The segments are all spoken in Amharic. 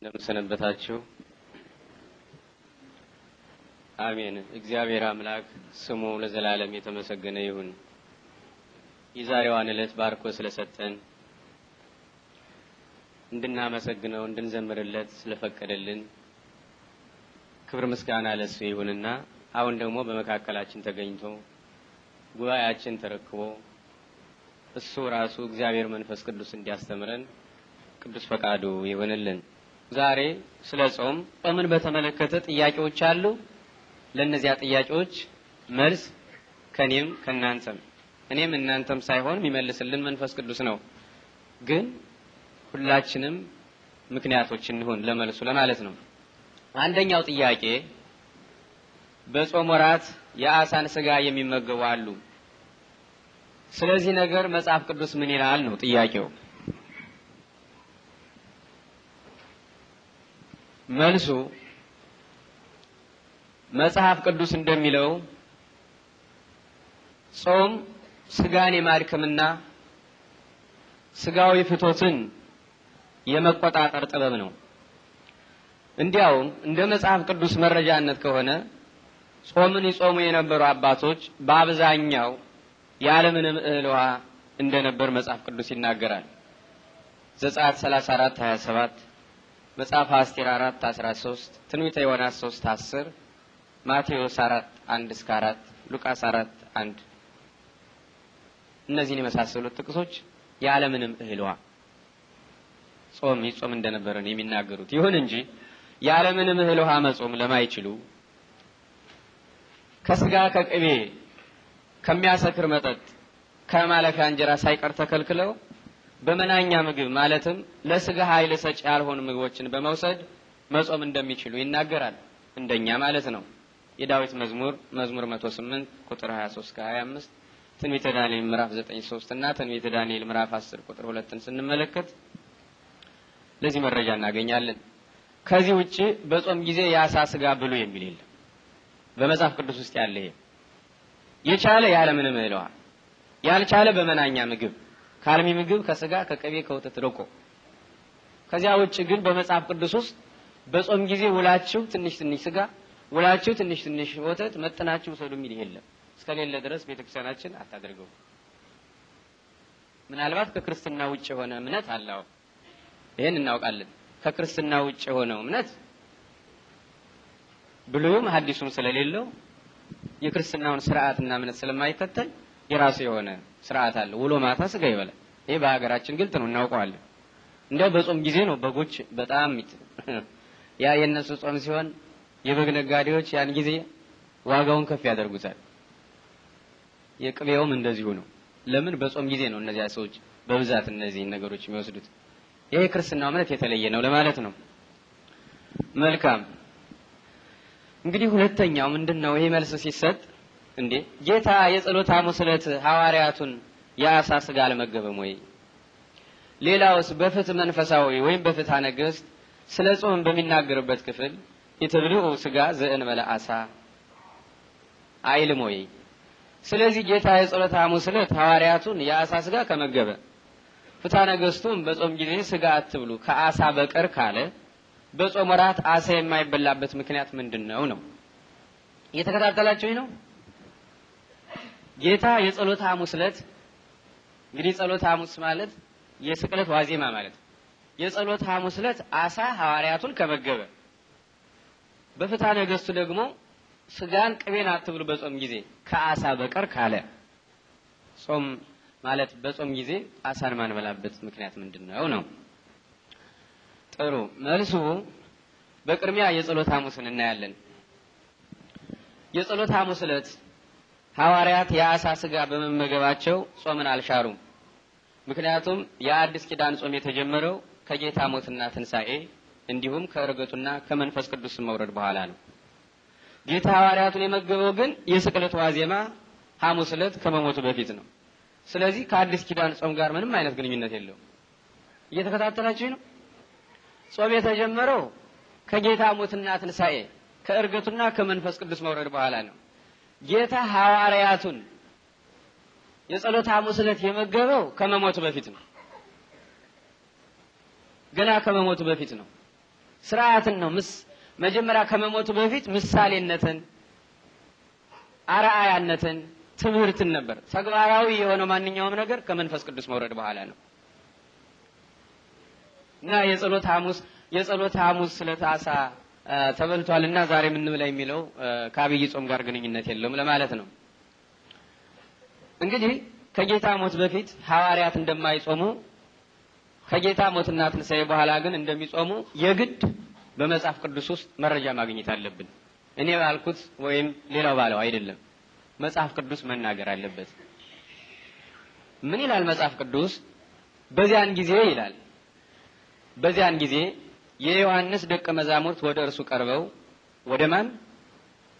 እንደምሰነበታችሁ። አሜን። እግዚአብሔር አምላክ ስሙ ለዘላለም የተመሰገነ ይሁን። የዛሬዋን ዕለት ባርኮ ስለሰጠን እንድናመሰግነው እንድንዘምርለት ስለፈቀደልን ክብር ምስጋና ለሱ ይሁንና አሁን ደግሞ በመካከላችን ተገኝቶ ጉባኤያችን ተረክቦ እሱ ራሱ እግዚአብሔር መንፈስ ቅዱስ እንዲያስተምረን ቅዱስ ፈቃዱ ይሆንልን። ዛሬ ስለ ጾም ጾምን በተመለከተ ጥያቄዎች አሉ። ለእነዚያ ጥያቄዎች መልስ ከኔም ከናንተም እኔም እናንተም ሳይሆን የሚመልስልን መንፈስ ቅዱስ ነው። ግን ሁላችንም ምክንያቶች እንሁን ለመልሱ ለማለት ነው። አንደኛው ጥያቄ በጾም ወራት የአሳን ስጋ የሚመገቡ አሉ። ስለዚህ ነገር መጽሐፍ ቅዱስ ምን ይላል ነው ጥያቄው። መልሱ መጽሐፍ ቅዱስ እንደሚለው ጾም ስጋን የማድከምና ስጋዊ ፍቶትን የመቆጣጠር ጥበብ ነው። እንዲያውም እንደ መጽሐፍ ቅዱስ መረጃነት ከሆነ ጾምን ይጾሙ የነበሩ አባቶች በአብዛኛው ያለምንም እህል ውሃ እንደነበር መጽሐፍ ቅዱስ ይናገራል። ዘጸአት 34 27 መጽሐፈ አስቴር አራት አስራ ሶስት ትንቢተ ዮናስ ሶስት አስር ማቴዎስ አራት አንድ እስከ አራት ሉቃስ አራት አንድ እነዚህን የመሳሰሉት ጥቅሶች የዓለምንም እህልዋ ጾም ይጾም እንደነበረ ነው የሚናገሩት። ይሁን እንጂ የዓለምንም እህል ውሃ መጾም ለማይችሉ ከስጋ ከቅቤ ከሚያሰክር መጠጥ ከማለፊያ እንጀራ ሳይቀር ተከልክለው በመናኛ ምግብ ማለትም ለስጋ ኃይል ሰጪ ያልሆኑ ምግቦችን በመውሰድ መጾም እንደሚችሉ ይናገራል። እንደኛ ማለት ነው። የዳዊት መዝሙር መዝሙር 108 ቁጥር 23 እስከ 25 ትንቢተ ዳንኤል ምዕራፍ 9 3 እና ትንቢተ ዳንኤል ምዕራፍ 10 ቁጥር 2ን ስንመለከት ለዚህ መረጃ እናገኛለን። ከዚህ ውጪ በጾም ጊዜ የአሳ ስጋ ብሉ የሚል የለም። በመጽሐፍ ቅዱስ ውስጥ ያለ ይሄ የቻለ ያለምንም እለዋ ያልቻለ በመናኛ ምግብ ከአልሚ ምግብ ከስጋ ከቅቤ ከወተት ርቆ ከዚያ ውጭ ግን በመጽሐፍ ቅዱስ ውስጥ በጾም ጊዜ ውላችሁ ትንሽ ትንሽ ስጋ ውላችሁ ትንሽ ትንሽ ወተት መጥናችሁ ሰዱ የሚል የለም። እስከሌለ ድረስ ቤተክርስቲያናችን አታደርገው። ምናልባት ከክርስትና ውጭ የሆነ እምነት አለው፣ ይሄን እናውቃለን። ከክርስትና ውጭ የሆነው እምነት ብሉይም ሀዲሱም ስለሌለው የክርስትናውን ስርዓትና እምነት ስለማይከተል የራሱ የሆነ ስርዓት አለ። ውሎ ማታ ስጋ ይበላል። ይሄ በሀገራችን ግልጥ ነው፣ እናውቀዋለን። እንዲያው በጾም ጊዜ ነው በጎች በጣም ያ የነሱ ጾም ሲሆን የበግ ነጋዴዎች ያን ጊዜ ዋጋውን ከፍ ያደርጉታል። የቅቤውም እንደዚሁ ነው። ለምን በጾም ጊዜ ነው እነዚያ ሰዎች በብዛት እነዚህን ነገሮች የሚወስዱት። ይሄ ክርስትና እምነት የተለየ ነው ለማለት ነው። መልካም እንግዲህ ሁለተኛው ምንድን ነው? ይሄ መልስ ሲሰጥ እንዴ ጌታ የጸሎተ ሐሙስ ዕለት ሐዋርያቱን የአሳ ስጋ አልመገበም ወይ? ሌላውስ በፍትህ መንፈሳዊ ወይም በፍትሐ ነገሥት ስለ ጾም በሚናገርበት ክፍል የትብልዑ ስጋ ዘእንበለ አሳ አይልም ወይ? ስለዚህ ጌታ የጸሎተ ሐሙስ ዕለት ሐዋርያቱን የአሳ ስጋ ከመገበ ፍትሐ ነገሥቱም በጾም ጊዜ ስጋ አትብሉ ከአሳ በቀር ካለ በጾም ወራት አሳ የማይበላበት ምክንያት ምንድን ነው ነው? እየተከታተላችሁኝ ነው? ጌታ የጸሎተ ሐሙስ ዕለት እንግዲህ ጸሎተ ሐሙስ ማለት የስቅለት ዋዜማ ማለት ነው። የጸሎተ ሐሙስ ዕለት አሳ ሐዋርያቱን ከመገበ በፍትሐ ነገሥቱ ደግሞ ስጋን ቅቤን አትብሉ በጾም ጊዜ ከአሳ በቀር ካለ ጾም ማለት በጾም ጊዜ አሳን ማንበላበት ምክንያት ምንድን ነው ነው? ጥሩ መልሱ በቅድሚያ የጸሎት ሐሙስን እናያለን። የጸሎት ሐሙስ ዕለት ሐዋርያት የአሳ ስጋ በመመገባቸው ጾምን አልሻሩም። ምክንያቱም የአዲስ ኪዳን ጾም የተጀመረው ከጌታ ሞትና ትንሣኤ እንዲሁም ከእርገቱና ከመንፈስ ቅዱስ መውረድ በኋላ ነው። ጌታ ሐዋርያቱን የመገበው ግን የስቅለት ዋዜማ ሐሙስ ዕለት ከመሞቱ በፊት ነው። ስለዚህ ከአዲስ ኪዳን ጾም ጋር ምንም አይነት ግንኙነት የለውም። እየተከታተላችሁ ነው። ጾም የተጀመረው ከጌታ ሞትና ትንሣኤ ከእርገቱና ከመንፈስ ቅዱስ መውረድ በኋላ ነው። ጌታ ሐዋርያቱን የጸሎት ሐሙስ ዕለት የመገበው ከመሞቱ በፊት ነው። ገና ከመሞቱ በፊት ነው። ስርዓትን ነው ምስ መጀመሪያ ከመሞቱ በፊት ምሳሌነትን፣ አርአያነትን፣ ትምህርትን ነበር። ተግባራዊ የሆነው ማንኛውም ነገር ከመንፈስ ቅዱስ መውረድ በኋላ ነው እና የጸሎት ሐሙስ የጸሎት ሐሙስ ስለታሳ ተበልቷልና ዛሬ የምንብላ የሚለው ከአብይ ጾም ጋር ግንኙነት የለውም ለማለት ነው። እንግዲህ ከጌታ ሞት በፊት ሐዋርያት እንደማይጾሙ ከጌታ ሞትና ትንሣኤ በኋላ ግን እንደሚጾሙ የግድ በመጽሐፍ ቅዱስ ውስጥ መረጃ ማግኘት አለብን። እኔ ባልኩት ወይም ሌላው ባለው አይደለም፣ መጽሐፍ ቅዱስ መናገር አለበት። ምን ይላል መጽሐፍ ቅዱስ? በዚያን ጊዜ ይላል በዚያን ጊዜ የዮሐንስ ደቀ መዛሙርት ወደ እርሱ ቀርበው ወደ ማን?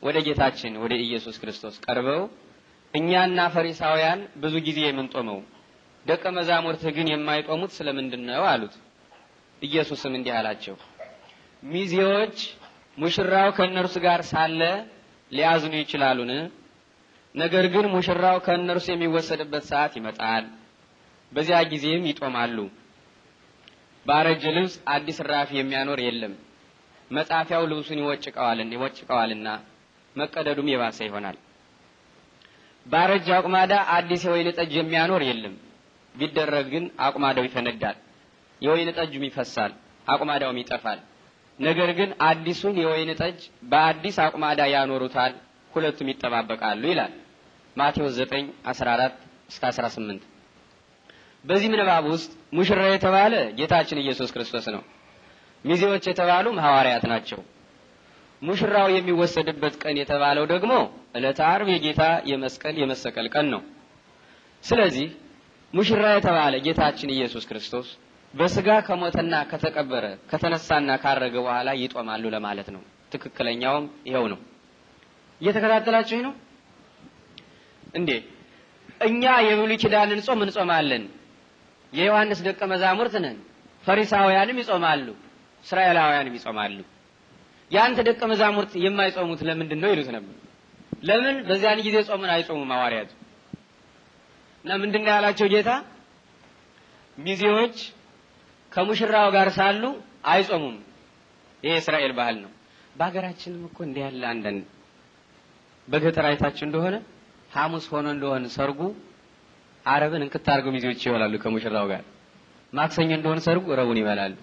ወደ ጌታችን ወደ ኢየሱስ ክርስቶስ ቀርበው እኛና ፈሪሳውያን ብዙ ጊዜ የምንጦመው ደቀ መዛሙርትህ ግን የማይጦሙት ስለምንድን ነው አሉት። ኢየሱስም እንዲህ አላቸው፣ ሚዜዎች ሙሽራው ከእነርሱ ጋር ሳለ ሊያዝኑ ይችላሉን? ነገር ግን ሙሽራው ከእነርሱ የሚወሰድበት ሰዓት ይመጣል፣ በዚያ ጊዜም ይጦማሉ። ባረጀ ልብስ አዲስ ራፍ የሚያኖር የለም። መጻፊያው ልብሱን ይወጭቀዋልና መቀደዱም የባሰ ይሆናል። ባረጀ አቁማዳ አዲስ የወይን ጠጅ የሚያኖር የለም። ቢደረግ ግን አቁማዳው ይፈነዳል፣ የወይን ጠጁም ይፈሳል፣ አቁማዳውም ይጠፋል። ነገር ግን አዲሱን የወይን ጠጅ በአዲስ አቁማዳ ያኖሩታል፣ ሁለቱም ይጠባበቃሉ ይላል ማቴዎስ 9 14 እስከ 18 በዚህ ምንባብ ውስጥ ሙሽራ የተባለ ጌታችን ኢየሱስ ክርስቶስ ነው። ሚዜዎች የተባሉ ሐዋርያት ናቸው። ሙሽራው የሚወሰድበት ቀን የተባለው ደግሞ ዕለተ አርብ የጌታ የመስቀል የመሰቀል ቀን ነው። ስለዚህ ሙሽራ የተባለ ጌታችን ኢየሱስ ክርስቶስ በስጋ ከሞተና ከተቀበረ ከተነሳና ካረገ በኋላ ይጦማሉ ለማለት ነው። ትክክለኛውም ይኸው ነው። እየተከታተላችሁኝ ነው እንዴ? እኛ የብሉይ ኪዳንን ጾም እንጾማለን። የዮሐንስ ደቀ መዛሙርት ነን። ፈሪሳውያንም ይጾማሉ፣ እስራኤላውያንም ይጾማሉ። የአንተ ደቀ መዛሙርት የማይጾሙት ለምንድን ነው ይሉት ነበር። ለምን በዚያን ጊዜ ጾምን አይጾሙም ሐዋርያቱ? እና ምንድን ነው ያላቸው ጌታ ሚዜዎች ከሙሽራው ጋር ሳሉ አይጾሙም። ይሄ የእስራኤል ባህል ነው። በሀገራችንም እኮ እንዲህ ያለ አንዳንድ በገጠር አይታችሁ እንደሆነ ሐሙስ ሆኖ እንደሆነ ሰርጉ አረብን እንክታርገው ሚዜዎች ይበላሉ ከሙሽራው ጋር። ማክሰኞ እንደሆነ ሰርጉ ረቡን ይበላሉ።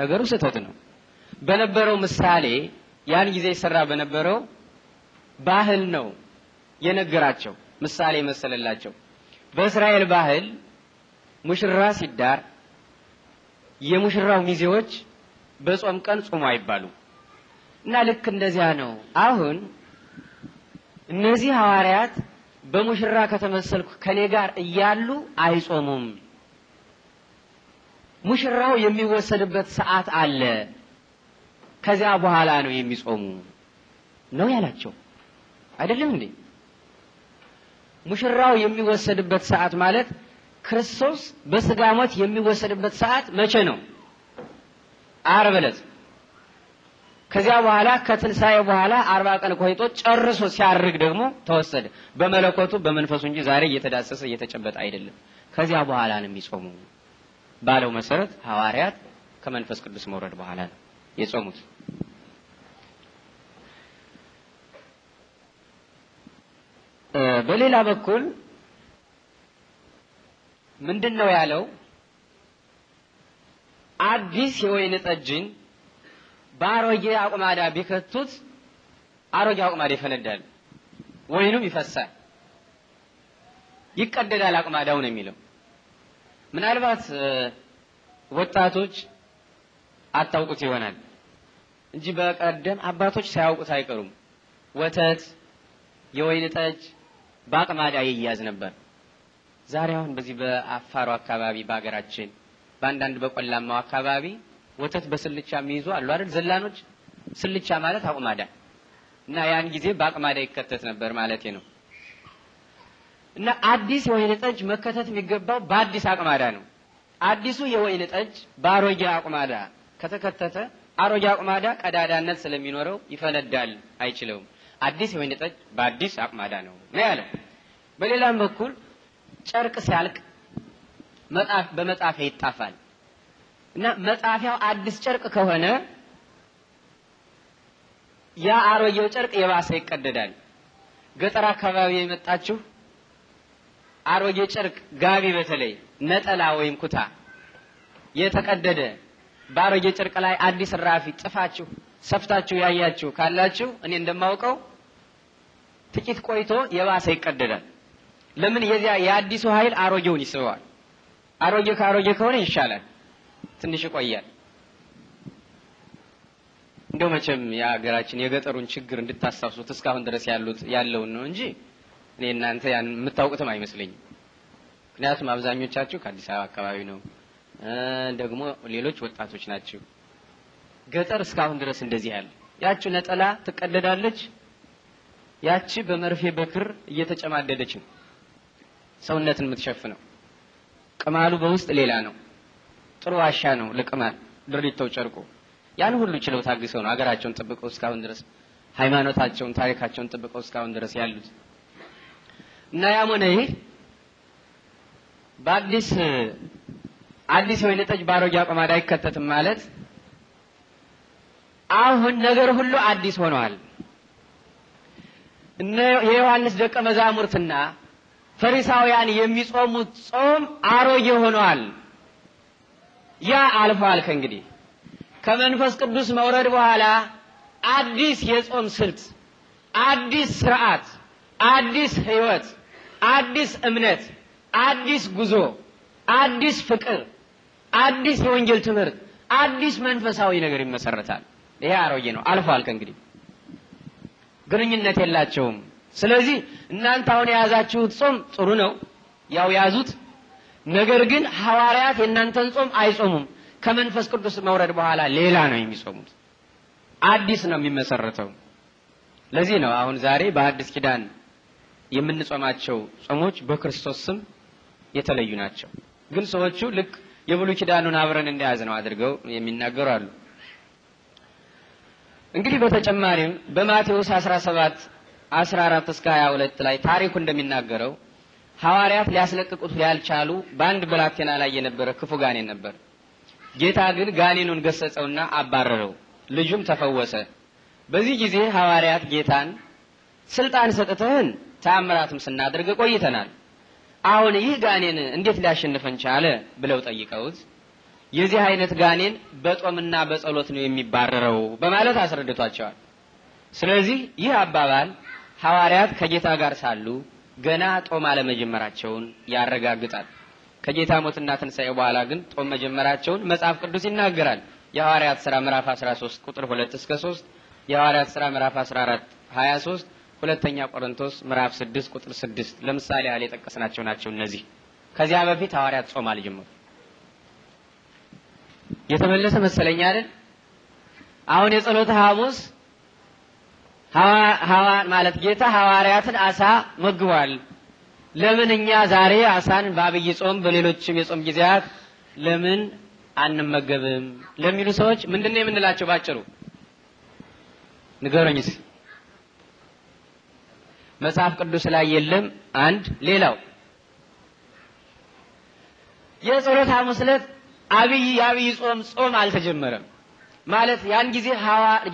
ነገሩ ስህተት ነው። በነበረው ምሳሌ ያን ጊዜ ይሰራ በነበረው ባህል ነው የነገራቸው ምሳሌ መሰለላቸው። በእስራኤል ባህል ሙሽራ ሲዳር የሙሽራው ሚዜዎች በጾም ቀን ጾሙ አይባሉ እና ልክ እንደዚያ ነው። አሁን እነዚህ ሐዋርያት በሙሽራ ከተመሰልኩ ከኔ ጋር እያሉ አይጾሙም። ሙሽራው የሚወሰድበት ሰዓት አለ። ከዚያ በኋላ ነው የሚጾሙ ነው ያላቸው። አይደለም እንዴ? ሙሽራው የሚወሰድበት ሰዓት ማለት ክርስቶስ በስጋ ሞት የሚወሰድበት ሰዓት መቼ ነው? ዓርብ ዕለት ከዚያ በኋላ ከትንሣኤ በኋላ አርባ ቀን ቆይቶ ጨርሶ ሲያርግ ደግሞ ተወሰደ በመለኮቱ በመንፈሱ እንጂ ዛሬ እየተዳሰሰ እየተጨበጠ አይደለም። ከዚያ በኋላ ነው የሚጾሙ ባለው መሰረት ሐዋርያት ከመንፈስ ቅዱስ መውረድ በኋላ ነው የጾሙት። በሌላ በኩል ምንድን ነው ያለው? አዲስ የወይን ጠጅን በአሮጌ አቁማዳ ቢከቱት አሮጌ አቁማዳ ይፈነዳል፣ ወይኑም ይፈሳል፣ ይቀደዳል አቁማዳው ነው የሚለው። ምናልባት ወጣቶች አታውቁት ይሆናል እንጂ በቀደም አባቶች ሳያውቁት አይቀሩም። ወተት፣ የወይን ጠጅ በአቅማዳ ይያዝ ነበር። ዛሬ አሁን በዚህ በአፋሩ አካባቢ፣ በሀገራችን በአንዳንድ በቆላማው አካባቢ ወተት በስልቻ የሚይዙ አሉ አይደል? ዘላኖች ስልቻ ማለት አቁማዳ እና ያን ጊዜ በአቁማዳ ይከተት ነበር ማለት ነው። እና አዲስ የወይን ጠጅ መከተት የሚገባው በአዲስ አቅማዳ ነው። አዲሱ የወይን ጠጅ በአሮጌ አቁማዳ ከተከተተ አሮጌ አቁማዳ ቀዳዳነት ስለሚኖረው ይፈነዳል፣ አይችለውም። አዲስ የወይን ጠጅ በአዲስ አቁማዳ ነው ነው ያለው። በሌላም በኩል ጨርቅ ሲያልቅ በመጣፊያ ይጣፋል። እና መጻፊያው አዲስ ጨርቅ ከሆነ ያ አሮጌው ጨርቅ የባሰ ይቀደዳል። ገጠር አካባቢ የመጣችሁ አሮጌ ጨርቅ ጋቢ፣ በተለይ ነጠላ ወይም ኩታ የተቀደደ በአሮጌ ጨርቅ ላይ አዲስ ራፊ ጽፋችሁ ሰፍታችሁ ያያችሁ ካላችሁ እኔ እንደማውቀው ጥቂት ቆይቶ የባሰ ይቀደዳል። ለምን? የዚያ የአዲሱ ኃይል አሮጌውን ይስበዋል። አሮጌ ከአሮጌ ከሆነ ይሻላል። ትንሽ ይቆያል። እንደው መቼም የሀገራችን የገጠሩን ችግር እንድታስታውሱት እስካሁን ድረስ ያሉት ያለውን ነው እንጂ እኔ እናንተ ያን የምታውቁትም አይመስለኝም። ምክንያቱም አብዛኞቻችሁ ከአዲስ አበባ አካባቢ ነው፣ ደግሞ ሌሎች ወጣቶች ናቸው። ገጠር እስካሁን ድረስ እንደዚህ ያለ ያቺ ነጠላ ትቀደዳለች፣ ያቺ በመርፌ በክር እየተጨማደደች ነው ሰውነትን የምትሸፍነው። ቅማሉ በውስጥ ሌላ ነው። ጥሩ ዋሻ ነው ልቅማ ድሪቶው ጨርቁ ያን ሁሉ ችለው ታግሰው ነው አገራቸውን ጥብቀው እስካሁን ድረስ ሃይማኖታቸውን፣ ታሪካቸውን ጥብቀው እስካሁን ድረስ ያሉት እና ያም ሆነ ይህ በአዲስ አዲስ የወይን ጠጅ በአሮጌ አቁማዳ አይከተትም ማለት አሁን ነገር ሁሉ አዲስ ሆነዋል። እነ የዮሐንስ ደቀ መዛሙርትና ፈሪሳውያን የሚጾሙት ጾም አሮጌ ሆነዋል። ያ አልፏል። ከእንግዲህ ከመንፈስ ቅዱስ መውረድ በኋላ አዲስ የጾም ስልት፣ አዲስ ስርዓት፣ አዲስ ህይወት፣ አዲስ እምነት፣ አዲስ ጉዞ፣ አዲስ ፍቅር፣ አዲስ የወንጌል ትምህርት፣ አዲስ መንፈሳዊ ነገር ይመሰረታል። ይሄ አሮጌ ነው፣ አልፏል። ከእንግዲህ ግንኙነት የላቸውም። ስለዚህ እናንተ አሁን የያዛችሁት ጾም ጥሩ ነው፣ ያው ያዙት። ነገር ግን ሐዋርያት የእናንተን ጾም አይጾሙም። ከመንፈስ ቅዱስ መውረድ በኋላ ሌላ ነው የሚጾሙት። አዲስ ነው የሚመሰረተው። ለዚህ ነው አሁን ዛሬ በአዲስ ኪዳን የምንጾማቸው ጾሞች በክርስቶስ ስም የተለዩ ናቸው። ግን ሰዎቹ ልክ የብሉይ ኪዳኑን አብረን እንደያዝ ነው አድርገው የሚናገሩ አሉ። እንግዲህ በተጨማሪም በማቴዎስ 17 14 እስከ 22 ላይ ታሪኩ እንደሚናገረው ሐዋርያት ሊያስለቅቁት ያልቻሉ በአንድ ብላቴና ላይ የነበረ ክፉ ጋኔን ነበር። ጌታ ግን ጋኔኑን ገሰጸውና አባረረው። ልጁም ተፈወሰ። በዚህ ጊዜ ሐዋርያት ጌታን ስልጣን ሰጥተህን ተአምራትም ስናደርግ ቆይተናል። አሁን ይህ ጋኔን እንዴት ሊያሸንፈን ቻለ? ብለው ጠይቀውት የዚህ አይነት ጋኔን በጦምና በጸሎት ነው የሚባረረው በማለት አስረድቷቸዋል። ስለዚህ ይህ አባባል ሐዋርያት ከጌታ ጋር ሳሉ ገና ጦም አለመጀመራቸውን ያረጋግጣል። ከጌታ ሞትና ትንሣኤ በኋላ ግን ጦም መጀመራቸውን መጽሐፍ ቅዱስ ይናገራል። የሐዋርያት ሥራ ምዕራፍ 13 ቁጥር 2 እስከ 3፣ የሐዋርያት ሥራ ምዕራፍ 14 23፣ ሁለተኛ ቆሮንቶስ ምዕራፍ 6 ቁጥር 6 ለምሳሌ ያህል የጠቀስናቸው ናቸው። እነዚህ ከዚያ በፊት ሐዋርያት ጾም አልጀመሩ። የተመለሰ መሰለኛ አይደል? አሁን የጸሎተ ሐሙስ ማለት ጌታ ሐዋርያትን አሳ መግቧል። ለምን እኛ ዛሬ አሳን በአብይ ጾም በሌሎችም የጾም ጊዜያት ለምን አንመገብም ለሚሉ ሰዎች ምንድነው የምንላቸው? ባጭሩ ንገሩኝስ። መጽሐፍ ቅዱስ ላይ የለም። አንድ ሌላው የጸሎት ሐሙስ ዕለት አብይ የአብይ ጾም ጾም አልተጀመረም ማለት ያን ጊዜ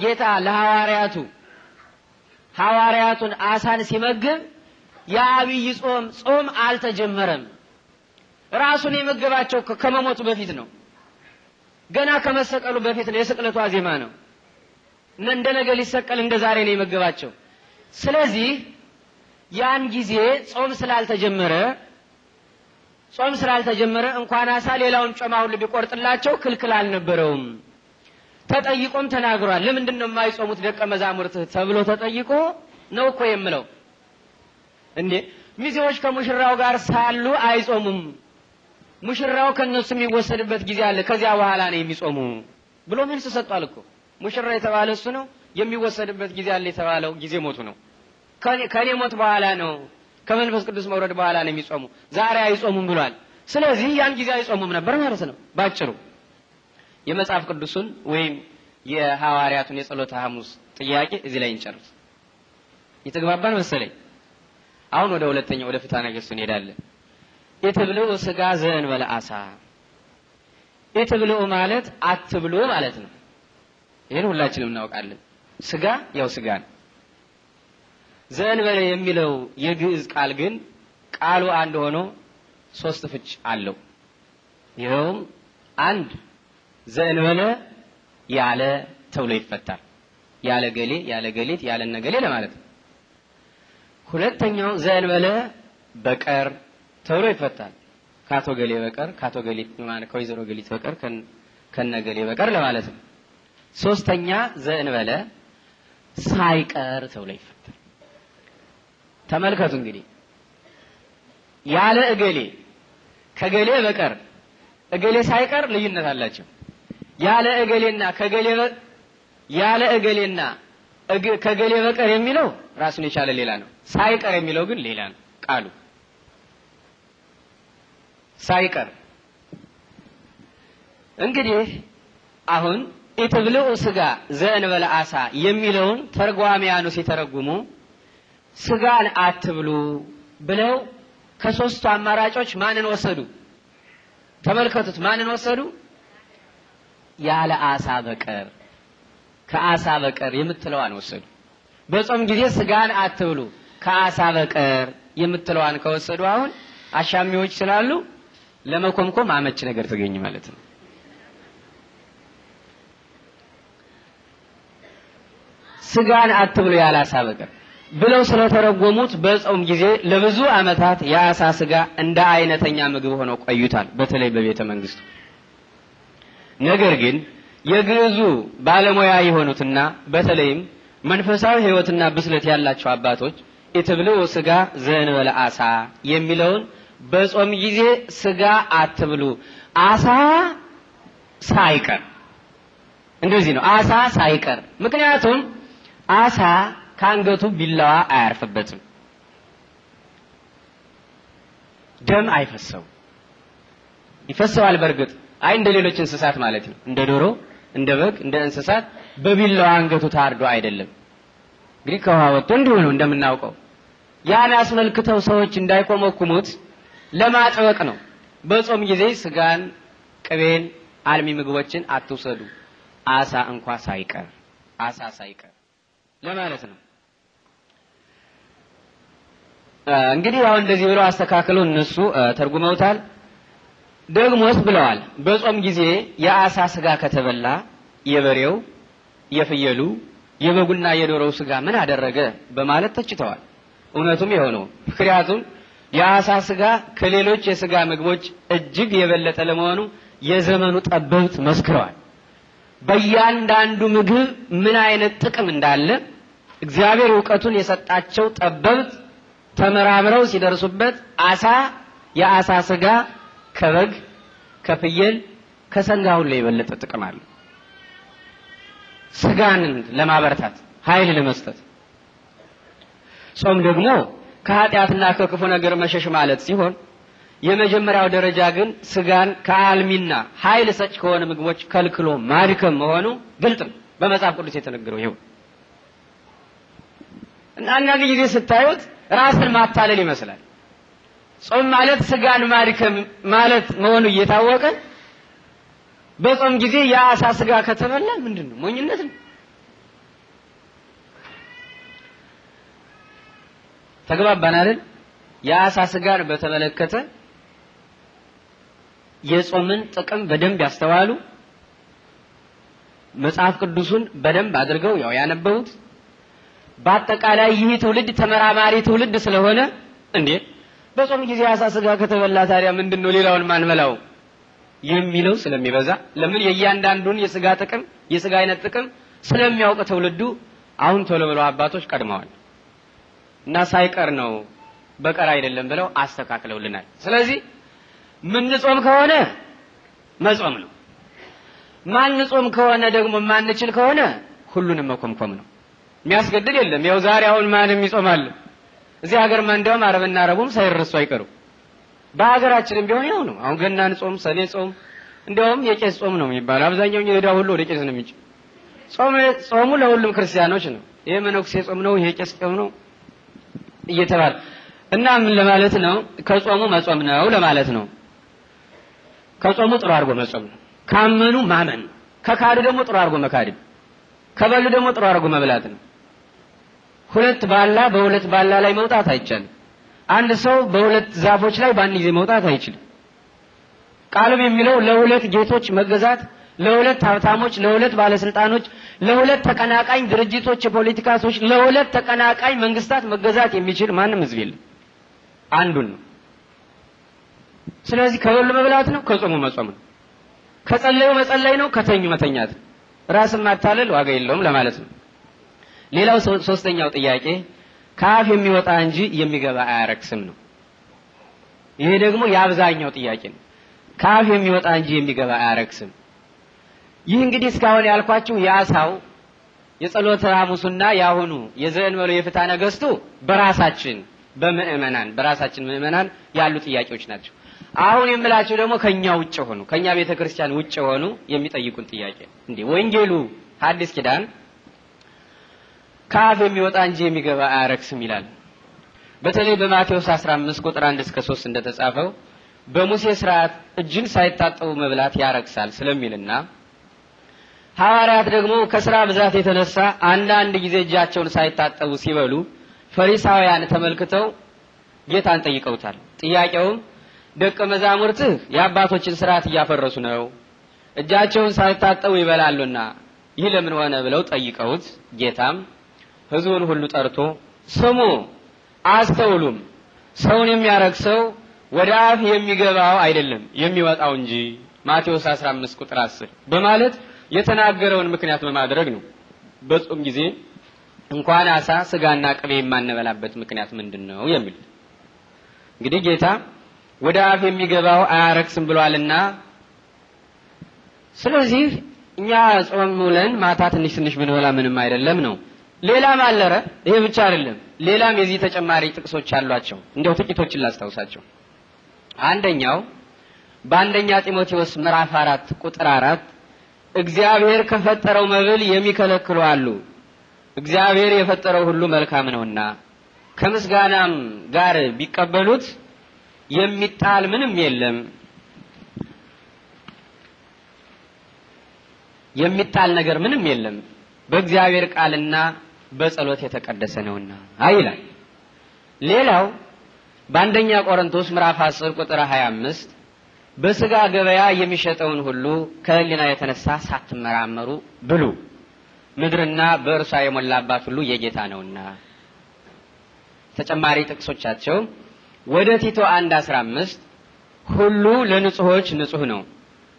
ጌታ ለሐዋርያቱ ሐዋርያቱን አሳን ሲመግብ የአብይ ጾም ጾም አልተጀመረም። ራሱን የመገባቸው ከመሞቱ በፊት ነው። ገና ከመሰቀሉ በፊት ነው። የስቅለቱ ዜማ ነው። እንደ ነገ ሊሰቀል እንደ ዛሬ ነው የመገባቸው። ስለዚህ ያን ጊዜ ጾም ስላልተጀመረ ጾም ስላልተጀመረ እንኳን አሳ ሌላውን ጮማ ሁሉ ቢቆርጥላቸው ክልክል አልነበረውም። ተጠይቆም ተናግሯል። ለምንድን ነው የማይጾሙት ደቀ መዛሙርት ተብሎ ተጠይቆ ነው እኮ የምለው። እንዴ ሚዜዎች ከሙሽራው ጋር ሳሉ አይጾሙም፣ ሙሽራው ከነሱ የሚወሰድበት ጊዜ አለ፣ ከዚያ በኋላ ነው የሚጾሙ ብሎ መልስ ሰጥቷል እኮ። ሙሽራ የተባለ እሱ ነው፣ የሚወሰድበት ጊዜ አለ የተባለው ጊዜ ሞቱ ነው። ከኔ ሞት በኋላ ነው፣ ከመንፈስ ቅዱስ መውረድ በኋላ ነው የሚጾሙ፣ ዛሬ አይጾሙም ብሏል። ስለዚህ ያን ጊዜ አይጾሙም ነበር ማለት ነው ባጭሩ። የመጽሐፍ ቅዱሱን ወይም የሐዋርያቱን የጸሎተ ሐሙስ ጥያቄ እዚህ ላይ እንጨርስ። የተግባባን መሰለኝ። አሁን ወደ ሁለተኛው ወደ ፍትሐ ነገሥቱ እንሄዳለን። ኢትብልዑ ስጋ ዘእንበለ አሳ ኢትብልዑ ማለት አትብሉ ማለት ነው። ይህን ሁላችንም እናውቃለን። ስጋ ያው ስጋ ነው። ዘእንበለ የሚለው የግዕዝ ቃል ግን ቃሉ አንድ ሆኖ ሶስት ፍች አለው። ይኸውም አንድ ዘእንበለ ያለ ተብሎ ይፈታል። ያለ ገሌ፣ ያለ ገሌት፣ ያለ ነገሌ ለማለት ነው። ሁለተኛው ዘእንበለ በቀር ተብሎ ይፈታል። ካቶ ገሌ በቀር፣ ካቶ ገሊት ማለት ከወይዘሮ ገሊት በቀር፣ ከነገሌ በቀር ለማለት ነው። ሶስተኛ ዘእንበለ ሳይቀር ተብሎ ይፈታል። ተመልከቱ እንግዲህ ያለ እገሌ ከገሌ በቀር እገሌ ሳይቀር ልዩነት አላቸው። ያለ እገሌና ከገሌ ያለ እገሌና ከገሌ በቀር የሚለው ራሱን የቻለ ሌላ ነው። ሳይቀር የሚለው ግን ሌላ ነው ቃሉ ሳይቀር እንግዲህ አሁን ኢትብልዑ ስጋ ዘእንበለ አሳ የሚለውን ተርጓሚያኑ ሲተረጉሙ ስጋን አትብሉ ብለው ከሶስቱ አማራጮች ማንን ወሰዱ? ተመልከቱት፣ ማንን ወሰዱ? ያለ አሳ በቀር ከአሳ በቀር የምትለዋን ወሰዱ። በጾም ጊዜ ስጋን አትብሉ ከአሳ በቀር የምትለዋን ከወሰዱ አሁን አሻሚዎች ስላሉ ለመኮምኮም አመች ነገር ተገኝ ማለት ነው። ስጋን አትብሉ ያለ አሳ በቀር ብለው ስለተረጎሙት በጾም ጊዜ ለብዙ ዓመታት የአሳ ስጋ እንደ አይነተኛ ምግብ ሆኖ ቆይቷል። በተለይ በቤተ መንግስቱ ነገር ግን የግዕዙ ባለሙያ የሆኑትና በተለይም መንፈሳዊ ህይወትና ብስለት ያላቸው አባቶች ኢትብልዑ ስጋ ዘእንበለ አሳ የሚለውን በጾም ጊዜ ስጋ አትብሉ አሳ ሳይቀር እንደዚህ ነው። አሳ ሳይቀር ምክንያቱም አሳ ከአንገቱ ቢላዋ አያርፍበትም፣ ደም አይፈሰው ይፈሰዋል በእርግጥ አይ እንደ ሌሎች እንስሳት ማለት ነው። እንደ ዶሮ፣ እንደ በግ፣ እንደ እንስሳት በቢላዋ አንገቱ ታርዶ አይደለም። እንግዲህ ከውሃ ወጥቶ እንዲሁ ነው እንደምናውቀው። ያን አስመልክተው ሰዎች እንዳይቆመኩሙት ለማጥበቅ ነው። በጾም ጊዜ ስጋን፣ ቅቤን፣ አልሚ ምግቦችን አትውሰዱ፣ አሳ እንኳ ሳይቀር አሳ ሳይቀር ለማለት ነው። እንግዲህ አሁን እንደዚህ ብለው አስተካክሎ እነሱ ተርጉመውታል። ደግሞስ ብለዋል በጾም ጊዜ የአሳ ስጋ ከተበላ የበሬው፣ የፍየሉ፣ የበጉና የዶሮው ስጋ ምን አደረገ በማለት ተችተዋል። እውነቱም የሆነው ምክንያቱም የአሳ ስጋ ከሌሎች የስጋ ምግቦች እጅግ የበለጠ ለመሆኑ የዘመኑ ጠበብት መስክረዋል። በእያንዳንዱ ምግብ ምን አይነት ጥቅም እንዳለ እግዚአብሔር እውቀቱን የሰጣቸው ጠበብት ተመራምረው ሲደርሱበት አሳ የአሳ ስጋ ከበግ ከፍየል ከሰንጋ ሁሉ የበለጠ ጥቅም አለ። ስጋንን ለማበረታት ኃይል ለመስጠት። ጾም ደግሞ ከኃጢአትና ከክፉ ነገር መሸሽ ማለት ሲሆን የመጀመሪያው ደረጃ ግን ስጋን ከአልሚና ኃይል ሰጭ ከሆነ ምግቦች ከልክሎ ማድከም መሆኑ ግልጥ ነው። በመጽሐፍ ቅዱስ የተነገረው ይሁን እና አንዳንድ ጊዜ ስታዩት ራስን ማታለል ይመስላል። ጾም ማለት ስጋን ማድከም ማለት መሆኑ እየታወቀ በጾም ጊዜ የአሳ ስጋ ከተበላ ምንድን ነው? ሞኝነት ነው። ተግባባን አይደል? የአሳ ስጋን በተመለከተ የጾምን ጥቅም በደንብ ያስተዋሉ መጽሐፍ ቅዱሱን በደንብ አድርገው ያው ያነበቡት በአጠቃላይ ይህ ትውልድ ተመራማሪ ትውልድ ስለሆነ እንዴ በጾም ጊዜ አሳ ስጋ ከተበላ ታዲያ ምንድን ነው ሌላውን ማንበላው የሚለው ስለሚበዛ ለምን የእያንዳንዱን የስጋ ጥቅም የስጋ አይነት ጥቅም ስለሚያውቅ ትውልዱ አሁን ቶሎ ብለው አባቶች ቀድመዋል እና ሳይቀር ነው በቀር አይደለም ብለው አስተካክለውልናል። ስለዚህ ምንጾም ከሆነ መጾም ነው። ማንጾም ከሆነ ደግሞ ማንችል ከሆነ ሁሉንም መኮምኮም ነው። የሚያስገድድ የለም። ያው ዛሬ አሁን ማንም ይጾማል። እዚህ ሀገር እንዲያውም አረብና አረቡም ሳይረሱ አይቀሩም። በሀገራችንም ቢሆን ያው ነው። አሁን ገናን ጾም፣ ሰኔ ጾም እንዲያውም የቄስ ጾም ነው የሚባለው። አብዛኛው የዳ ሁሉ ወደ ቄስ ነው የሚጭ ጾሙ ለሁሉም ክርስቲያኖች ነው። ይሄ መነኩሴ ጾም ነው፣ ይሄ ቄስ ጾም ነው እየተባለ እና ምን ለማለት ነው? ከጾሙ መጾም ነው ለማለት ነው። ከጾሙ ጥሩ አድርጎ መጾም ነው። ካመኑ ማመን፣ ከካዱ ደግሞ ጥሩ አድርጎ መካድ፣ ከበሉ ደግሞ ጥሩ አድርጎ መብላት ነው። ሁለት ባላ በሁለት ባላ ላይ መውጣት አይቻልም። አንድ ሰው በሁለት ዛፎች ላይ በአንድ ጊዜ መውጣት አይችልም። ቃሉም የሚለው ለሁለት ጌቶች መገዛት፣ ለሁለት ሀብታሞች፣ ለሁለት ባለስልጣኖች፣ ለሁለት ተቀናቃኝ ድርጅቶች፣ የፖለቲካ ሰዎች፣ ለሁለት ተቀናቃኝ መንግስታት መገዛት የሚችል ማንም ህዝብ የለም። አንዱን ነው። ስለዚህ ከበሉ መብላት ነው፣ ከጾሙ መጾም ነው፣ ከጸለዩ መጸለይ ነው፣ ከተኙ መተኛት ነው። ራስን ማታለል ዋጋ የለውም ለማለት ነው። ሌላው ሶስተኛው ጥያቄ ከአፍ የሚወጣ እንጂ የሚገባ አያረክስም ነው። ይሄ ደግሞ የአብዛኛው ጥያቄ ነው። ከአፍ የሚወጣ እንጂ የሚገባ አያረክስም። ይህ እንግዲህ እስካሁን ያልኳችሁ የአሳው የጸሎተ ሐሙሱና የአሁኑ የዘእንበሉ የፍታ ነገስቱ በራሳችን በምእመናን በራሳችን ምእመናን ያሉ ጥያቄዎች ናቸው። አሁን የምላቸው ደግሞ ከኛ ውጭ ሆኑ ከኛ ቤተክርስቲያን ውጭ ሆኑ የሚጠይቁን ጥያቄ እንዴ ወንጌሉ ሐዲስ ኪዳን ከአፍ የሚወጣ እንጂ የሚገባ አያረክስም ይላል። በተለይ በማቴዎስ 15 ቁጥር 1 እስከ 3 እንደተጻፈው በሙሴ ስርዓት እጅን ሳይታጠቡ መብላት ያረክሳል ስለሚልና ሐዋርያት ደግሞ ከስራ ብዛት የተነሳ አንዳንድ ጊዜ እጃቸውን ሳይታጠቡ ሲበሉ ፈሪሳውያን ተመልክተው ጌታን ጠይቀውታል። ጥያቄውም ደቀ መዛሙርትህ የአባቶችን ስርዓት እያፈረሱ ነው፣ እጃቸውን ሳይታጠቡ ይበላሉና ይህ ለምን ሆነ ብለው ጠይቀውት ጌታም ህዝቡን ሁሉ ጠርቶ ስሙ አስተውሉም፣ ሰውን የሚያረክሰው ወደ አፍ የሚገባው አይደለም የሚወጣው እንጂ ማቴዎስ 15 ቁጥር 10 በማለት የተናገረውን ምክንያት በማድረግ ነው። በጾም ጊዜ እንኳን አሳ ስጋና ቅቤ የማንበላበት ምክንያት ምንድን ነው የሚል እንግዲህ ጌታ ወደ አፍ የሚገባው አያረክስም ብሏልና ስለዚህ እኛ ጾም ውለን ማታ ትንሽ ትንሽ ብንበላ ምንም አይደለም ነው። ሌላም አለረ። ይሄ ብቻ አይደለም፣ ሌላም የዚህ ተጨማሪ ጥቅሶች አሏቸው። እንደው ጥቂቶችን ላስታውሳቸው። አንደኛው በአንደኛ ጢሞቴዎስ ምዕራፍ አራት ቁጥር አራት እግዚአብሔር ከፈጠረው መብል የሚከለክሉ አሉ፣ እግዚአብሔር የፈጠረው ሁሉ መልካም ነውና ከምስጋናም ጋር ቢቀበሉት የሚጣል ምንም የለም የሚጣል ነገር ምንም የለም በእግዚአብሔር ቃልና በጸሎት የተቀደሰ ነውና ይላል። ሌላው በአንደኛ ቆሮንቶስ ምዕራፍ 10 ቁጥር 25 በስጋ ገበያ የሚሸጠውን ሁሉ ከህሊና የተነሳ ሳትመራመሩ ብሉ፣ ምድርና በእርሷ የሞላባት ሁሉ የጌታ ነውና። ተጨማሪ ጥቅሶቻቸው ወደ ቲቶ 1 15 ሁሉ ለንጹሆች ንጹህ ነው፣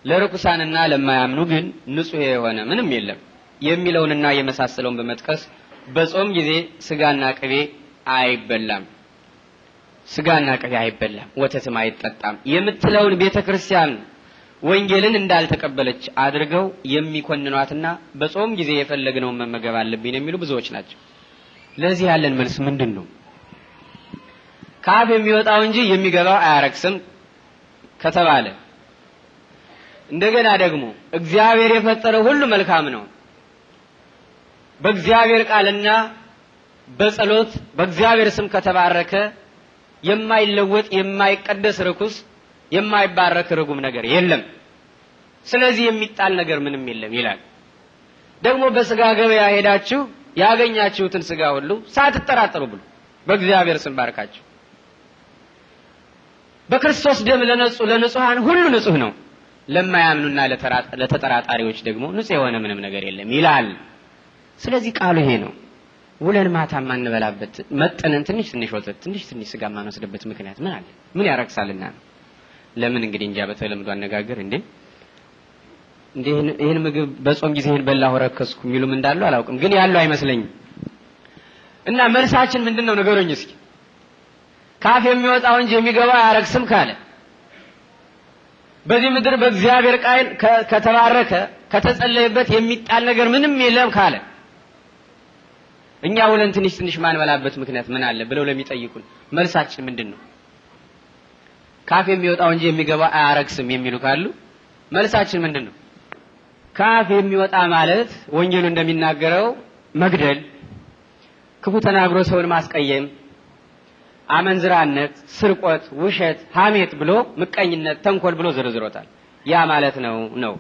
ለርኩሳንና ለማያምኑ ግን ንጹህ የሆነ ምንም የለም የሚለውንና የመሳሰለውን በመጥቀስ በጾም ጊዜ ስጋና ቅቤ አይበላም፣ ስጋና ቅቤ አይበላም፣ ወተትም አይጠጣም የምትለውን ቤተ ክርስቲያን ወንጌልን እንዳልተቀበለች አድርገው የሚኮንኗትና በጾም ጊዜ የፈለግነውን መመገብ አለብኝ የሚሉ ብዙዎች ናቸው። ለዚህ ያለን መልስ ምንድን ነው? ከአፍ የሚወጣው እንጂ የሚገባው አያረክስም ከተባለ እንደገና ደግሞ እግዚአብሔር የፈጠረው ሁሉ መልካም ነው። በእግዚአብሔር ቃልና በጸሎት በእግዚአብሔር ስም ከተባረከ የማይለወጥ የማይቀደስ ርኩስ የማይባረክ ርጉም ነገር የለም። ስለዚህ የሚጣል ነገር ምንም የለም ይላል። ደግሞ በስጋ ገበያ ሄዳችሁ ያገኛችሁትን ስጋ ሁሉ ሳትጠራጠሩ ብሉ፣ በእግዚአብሔር ስም ባርካችሁ። በክርስቶስ ደም ለነጹ ለንጹሃን ሁሉ ንጹህ ነው፣ ለማያምኑና ለተጠራጣሪዎች ደግሞ ንጹህ የሆነ ምንም ነገር የለም ይላል። ስለዚህ ቃሉ ይሄ ነው። ውለን ማታ ማንበላበት መጠነን ትንሽ ትንሽ ወተት ትንሽ ትንሽ ስጋ ማንወስድበት ምክንያት ምን አለ? ምን ያረክሳልና ነው? ለምን እንግዲህ እንጃ። በተለምዶ አነጋገር እንዴ እንዴ ይህን ምግብ በጾም ጊዜ ይህን በላሁ ረከስኩ የሚሉም እንዳሉ አላውቅም፣ ግን ያለው አይመስለኝም። እና መልሳችን ምንድን ነው ንገሩኝ እስኪ። ካፍ የሚወጣው እንጂ የሚገባው አያረክስም ካለ በዚህ ምድር በእግዚአብሔር ቃል ከተባረከ ከተጸለየበት የሚጣል ነገር ምንም የለም ካለ እኛ ውለን ትንሽ ትንሽ ማንበላበት ምክንያት ምን አለ ብለው ለሚጠይቁን መልሳችን ምንድን ነው? ካፍ የሚወጣው እንጂ የሚገባ አያረክስም የሚሉ ካሉ መልሳችን ምንድን ነው? ካፍ የሚወጣ ማለት ወንጌሉ እንደሚናገረው መግደል፣ ክፉ ተናግሮ ሰውን ማስቀየም፣ አመንዝራነት፣ ስርቆት፣ ውሸት፣ ሀሜት ብሎ ምቀኝነት፣ ተንኮል ብሎ ዘርዝሮታል። ያ ማለት ነው ነው።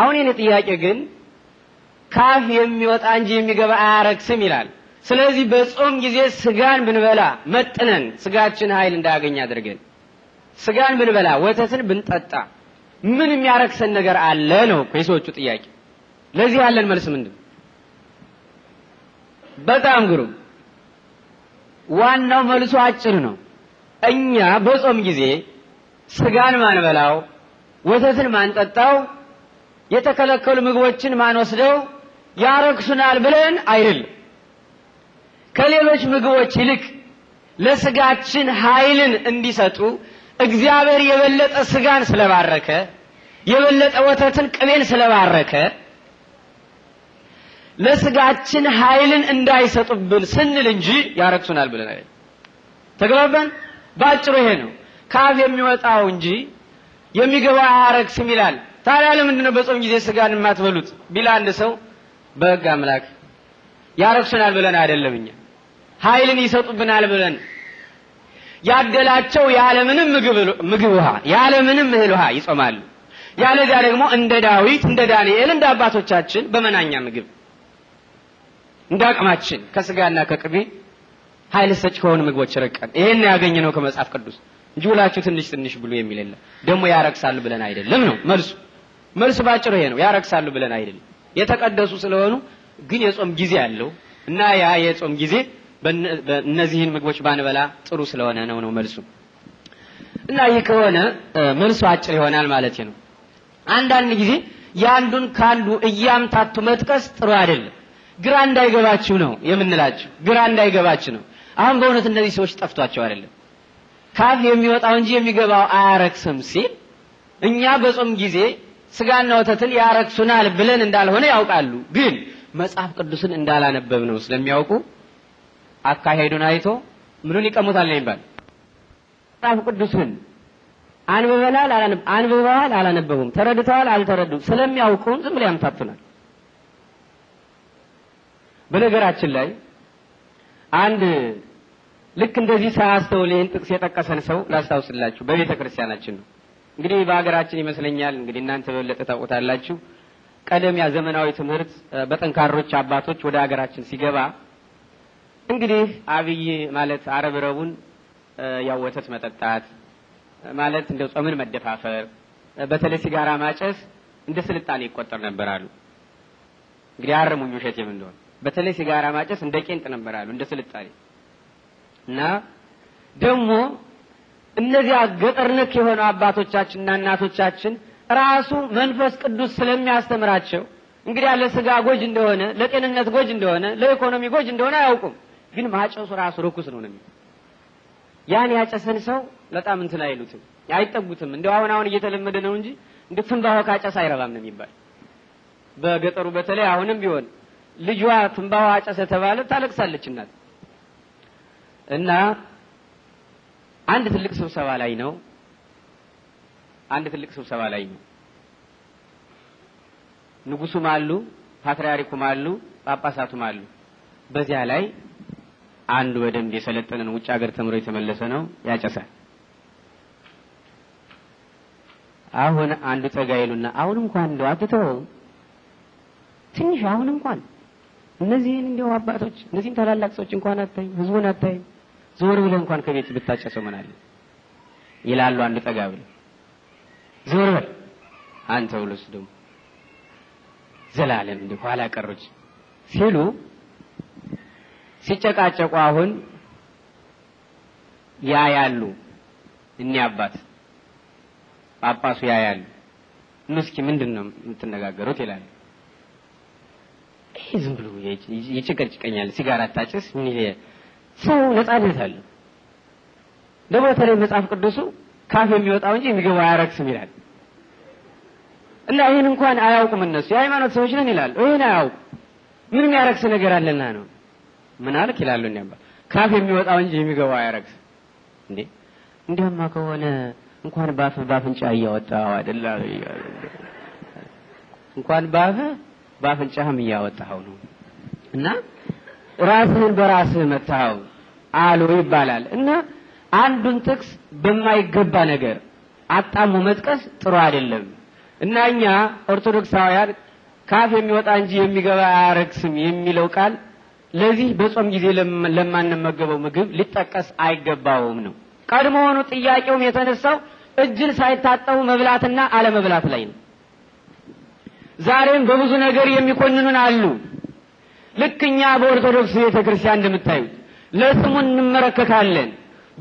አሁን የኔ ጥያቄ ግን ካፍ የሚወጣ እንጂ የሚገባ አያረክስም ይላል። ስለዚህ በጾም ጊዜ ስጋን ብንበላ መጥነን ስጋችን ኃይል እንዳያገኝ አድርገን ስጋን ብንበላ ወተትን ብንጠጣ ምን የሚያረክሰን ነገር አለ ነው ከሰዎቹ የሰዎቹ ጥያቄ። ለዚህ ያለን መልስ ምንድን? በጣም ግሩም። ዋናው መልሱ አጭር ነው። እኛ በጾም ጊዜ ስጋን ማንበላው፣ ወተትን ማንጠጣው፣ የተከለከሉ ምግቦችን ማንወስደው ያረክሱናል ብለን አይደለም። ከሌሎች ምግቦች ይልቅ ለስጋችን ኃይልን እንዲሰጡ እግዚአብሔር የበለጠ ስጋን ስለባረከ የበለጠ ወተትን፣ ቅቤን ስለባረከ ለስጋችን ኃይልን እንዳይሰጡብን ስንል እንጂ ያረክሱናል ብለን አይደለም። ተግባባን? ባጭሩ ይሄ ነው። ከአፍ የሚወጣው እንጂ የሚገባው አያረክስም ይላል። ታዲያ ለምንድን ነው በጾም ጊዜ ስጋን የማትበሉት ቢል አንድ ሰው በህግ አምላክ ያረክሱናል ብለን አይደለም እኛ ኃይልን ይሰጡብናል ብለን ያደላቸው ያለምንም ምግብ ውሃ ያለምንም እህል ውሃ ይጾማሉ። ያለዚያ ደግሞ እንደ ዳዊት እንደ ዳንኤል እንደ አባቶቻችን በመናኛ ምግብ እንደ አቅማችን ከስጋና ከቅቤ ኃይል ሰጭ ከሆኑ ምግቦች ረቀን ይሄን ያገኘነው ከመጽሐፍ ቅዱስ እንጂ ትንሽ ትንሽ ብሉ የሚል የለም። ደግሞ ያረክሳሉ ብለን አይደለም ነው መልሱ። መልሱ ባጭሩ ይሄ ነው፣ ያረክሳሉ ብለን አይደለም። የተቀደሱ ስለሆኑ ግን የጾም ጊዜ አለው እና ያ የጾም ጊዜ እነዚህን ምግቦች ባንበላ ጥሩ ስለሆነ ነው ነው መልሱ። እና ይህ ከሆነ መልሱ አጭር ይሆናል ማለት ነው። አንዳንድ ጊዜ የአንዱን ካንዱ እያምታቱ መጥቀስ ጥሩ አይደለም። ግራ እንዳይገባችሁ ነው የምንላችሁ። ግራ እንዳይገባችሁ ነው። አሁን በእውነት እነዚህ ሰዎች ጠፍቷቸው አይደለም። ካፍ የሚወጣው እንጂ የሚገባው አያረክስም ሲል እኛ በጾም ጊዜ ስጋና ወተትን ያረክሱናል ብለን እንዳልሆነ ያውቃሉ። ግን መጽሐፍ ቅዱስን እንዳላነበብ ነው ስለሚያውቁ አካሄዱን አይቶ ምኑን ይቀሙታል ነው ይባል። መጽሐፍ ቅዱስን አንብበናል አንብበዋል፣ አላነበቡም፣ ተረድተዋል፣ አልተረዱም ስለሚያውቁ ዝም ብለው ያምታቱናል። በነገራችን ላይ አንድ ልክ እንደዚህ ሳያስተውል ይህን ጥቅስ የጠቀሰን ሰው ላስታውስላችሁ፣ በቤተ ክርስቲያናችን ነው እንግዲህ በሀገራችን ይመስለኛል እንግዲህ እናንተ በበለጠ ታውቁታላችሁ። ቀደም ያ ዘመናዊ ትምህርት በጠንካሮች አባቶች ወደ ሀገራችን ሲገባ እንግዲህ አብይ ማለት አረብ ረቡን ያው ወተት መጠጣት ማለት እንደ ጾምን መደፋፈር፣ በተለይ ሲጋራ ማጨስ እንደ ስልጣኔ ይቆጠር ነበር አሉ። እንግዲህ አርሙኝ ውሸቴም እንደሆነ በተለይ ሲጋራ ማጨስ እንደ ቄንጥ ነበር አሉ እንደ ስልጣኔ እና ደግሞ እነዚያ ገጠር ነክ የሆነ አባቶቻችንና እናቶቻችን ራሱ መንፈስ ቅዱስ ስለሚያስተምራቸው እንግዲያ ለስጋ ጎጅ እንደሆነ፣ ለጤንነት ጎጅ እንደሆነ፣ ለኢኮኖሚ ጎጅ እንደሆነ አያውቁም። ግን ማጨሱ ራሱ ርኩስ ነው ነው ያን ያጨሰን ሰው በጣም እንትን አይሉትም፣ አይጠጉትም። እንደው አሁን አሁን እየተለመደ ነው እንጂ እንደ ትንባሆ ካጨሰ አይረባም ነው የሚባል በገጠሩ በተለይ አሁንም ቢሆን ልጇ ትንባሆ አጨሰ ተባለ ታለቅሳለች እናት እና አንድ ትልቅ ስብሰባ ላይ ነው። አንድ ትልቅ ስብሰባ ላይ ነው። ንጉሱም አሉ፣ ፓትርያርኩም አሉ፣ ጳጳሳቱም አሉ። በዚያ ላይ አንድ በደንብ የሰለጠነን ውጭ ሀገር ተምሮ የተመለሰ ነው፣ ያጨሳል። አሁን አንዱ ጠጋ ይሉና አሁን እንኳን እንደው አትተው ትንሽ አሁን እንኳን እነዚህን እንደው አባቶች እነዚህን ታላላቅ ሰዎች እንኳን አታይም፣ ህዝቡን አታይም ዞር ብለህ እንኳን ከቤት ብታጨሰው ምን አለ ይላሉ። አንድ ጠጋ ብለህ ዞር በል አንተ ብሎ እሱ ደግሞ ዘላለም እንደ ኋላ ቀሮች ሲሉ ሲጨቃጨቁ አሁን ያ ያሉ እኒህ አባት ጳጳሱ ያ ያሉ እነ እስኪ ምንድን ነው የምትነጋገሩት ይላሉ። ይሄ ዝም ብሎ ይጭቀጭቀኛል ሲጋራ ታጭስ ምን ይሄ ሰው ነጻነት አለ። ደግሞ በተለይ መጽሐፍ ቅዱሱ ካፍ የሚወጣው እንጂ የሚገባው አያረክስም ይላል እና ይህን እንኳን አያውቁም እነሱ የሃይማኖት ሰዎች ነን ይላል። ይህን አያውቁም። ምን የሚያረክስ ነገር አለና ነው? ምን አልክ ይላሉ እኒ ካፍ የሚወጣው እንጂ የሚገባው አያረክስም። እንዴ እንዲያማ ከሆነ እንኳን ባፍ ባፍንጫ እያወጣው አይደል? እንኳን ባፍ ባፍንጫህም እያወጣኸው ነው እና ራስህን በራስህ መታኸው አሉ ይባላል እና አንዱን ጥቅስ በማይገባ ነገር አጣሙ መጥቀስ ጥሩ አይደለም እና እኛ ኦርቶዶክሳውያን ካፍ የሚወጣ እንጂ የሚገባ አያረክስም የሚለው ቃል ለዚህ በጾም ጊዜ ለማንመገበው ምግብ ሊጠቀስ አይገባውም ነው። ቀድሞውኑ ጥያቄውም የተነሳው እጅን ሳይታጠቡ መብላትና አለመብላት ላይ ነው። ዛሬም በብዙ ነገር የሚኮንኑን አሉ። ልክ እኛ በኦርቶዶክስ ቤተ ክርስቲያን እንደምታዩት ለስሙ እንመረከካለን፣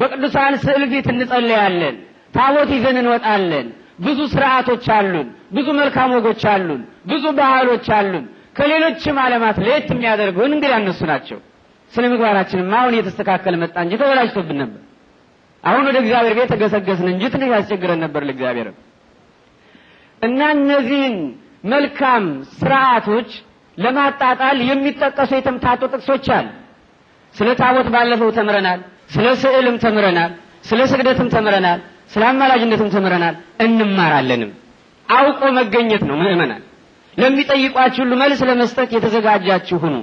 በቅዱሳን ስዕል ፊት እንጸለያለን፣ ታቦት ይዘን እንወጣለን። ብዙ ስርዓቶች አሉን፣ ብዙ መልካም ወጎች አሉን፣ ብዙ ባህሎች አሉን። ከሌሎችም ዓለማት ለየት የሚያደርጉን እንግዲህ እነሱ ናቸው። ስለ ምግባራችንማ አሁን እየተስተካከለ መጣ እንጂ ተበላሽቶብን ነበር። አሁን ወደ እግዚአብሔር ቤት ተገሰገስን እንጂ ትንሽ ያስቸግረን ነበር ለእግዚአብሔር እና እነዚህን መልካም ስርዓቶች ለማጣጣል የሚጠቀሱ የተምታቱ ጥቅሶች አሉ። ስለ ታቦት ባለፈው ተምረናል። ስለ ስዕልም ተምረናል። ስለ ስግደትም ተምረናል። ስለ አማላጅነትም ተምረናል። እንማራለንም። አውቆ መገኘት ነው። ምእመናን ለሚጠይቋችሁ ሁሉ መልስ ለመስጠት የተዘጋጃችሁ ሁኑ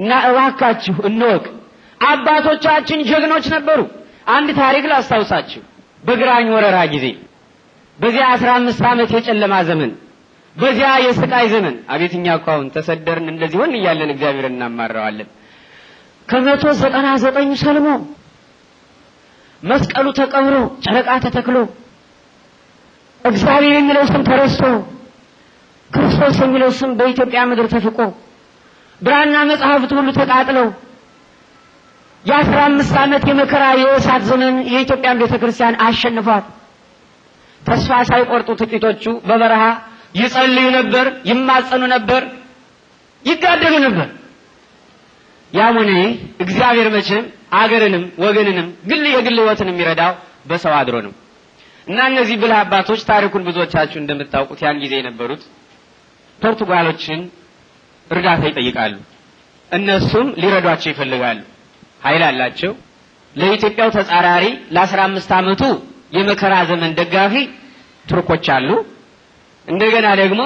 እና እባካችሁ እንወቅ። አባቶቻችን ጀግኖች ነበሩ። አንድ ታሪክ ላስታውሳችሁ። በግራኝ ወረራ ጊዜ በዚያ አስራ አምስት ዓመት የጨለማ ዘመን በዚያ የስቃይ ዘመን አቤትኛ እኛ እኮ አሁን ተሰደርን እንደዚህ ሆን እያለን እግዚአብሔር እናማረዋለን። ከመቶ ዘጠና ዘጠኙ ሰልሞ መስቀሉ ተቀብሮ ጨረቃ ተተክሎ እግዚአብሔር የሚለው ስም ተረስቶ ክርስቶስ የሚለው ስም በኢትዮጵያ ምድር ተፍቆ ብራና መጽሐፍት ሁሉ ተቃጥለው የአስራ አምስት ዓመት የመከራ የእሳት ዘመን የኢትዮጵያን ቤተ ክርስቲያን አሸንፏት ተስፋ ሳይቆርጡ ጥቂቶቹ በበረሃ ይጸልዩ ነበር፣ ይማጸኑ ነበር፣ ይጋደሉ ነበር። ያም እግዚአብሔር መቼም አገርንም ወገንንም ግል የግል የሚረዳው በሰው አድሮ ነው እና እነዚህ ብልህ አባቶች ታሪኩን ብዙዎቻችሁ እንደምታውቁት ያን ጊዜ የነበሩት ፖርቱጋሎችን እርዳታ ይጠይቃሉ። እነሱም ሊረዷቸው ይፈልጋሉ። ኃይል አላቸው። ለኢትዮጵያው ተጻራሪ ለአስራ አምስት አመቱ የመከራ ዘመን ደጋፊ ቱርኮች አሉ። እንደገና ደግሞ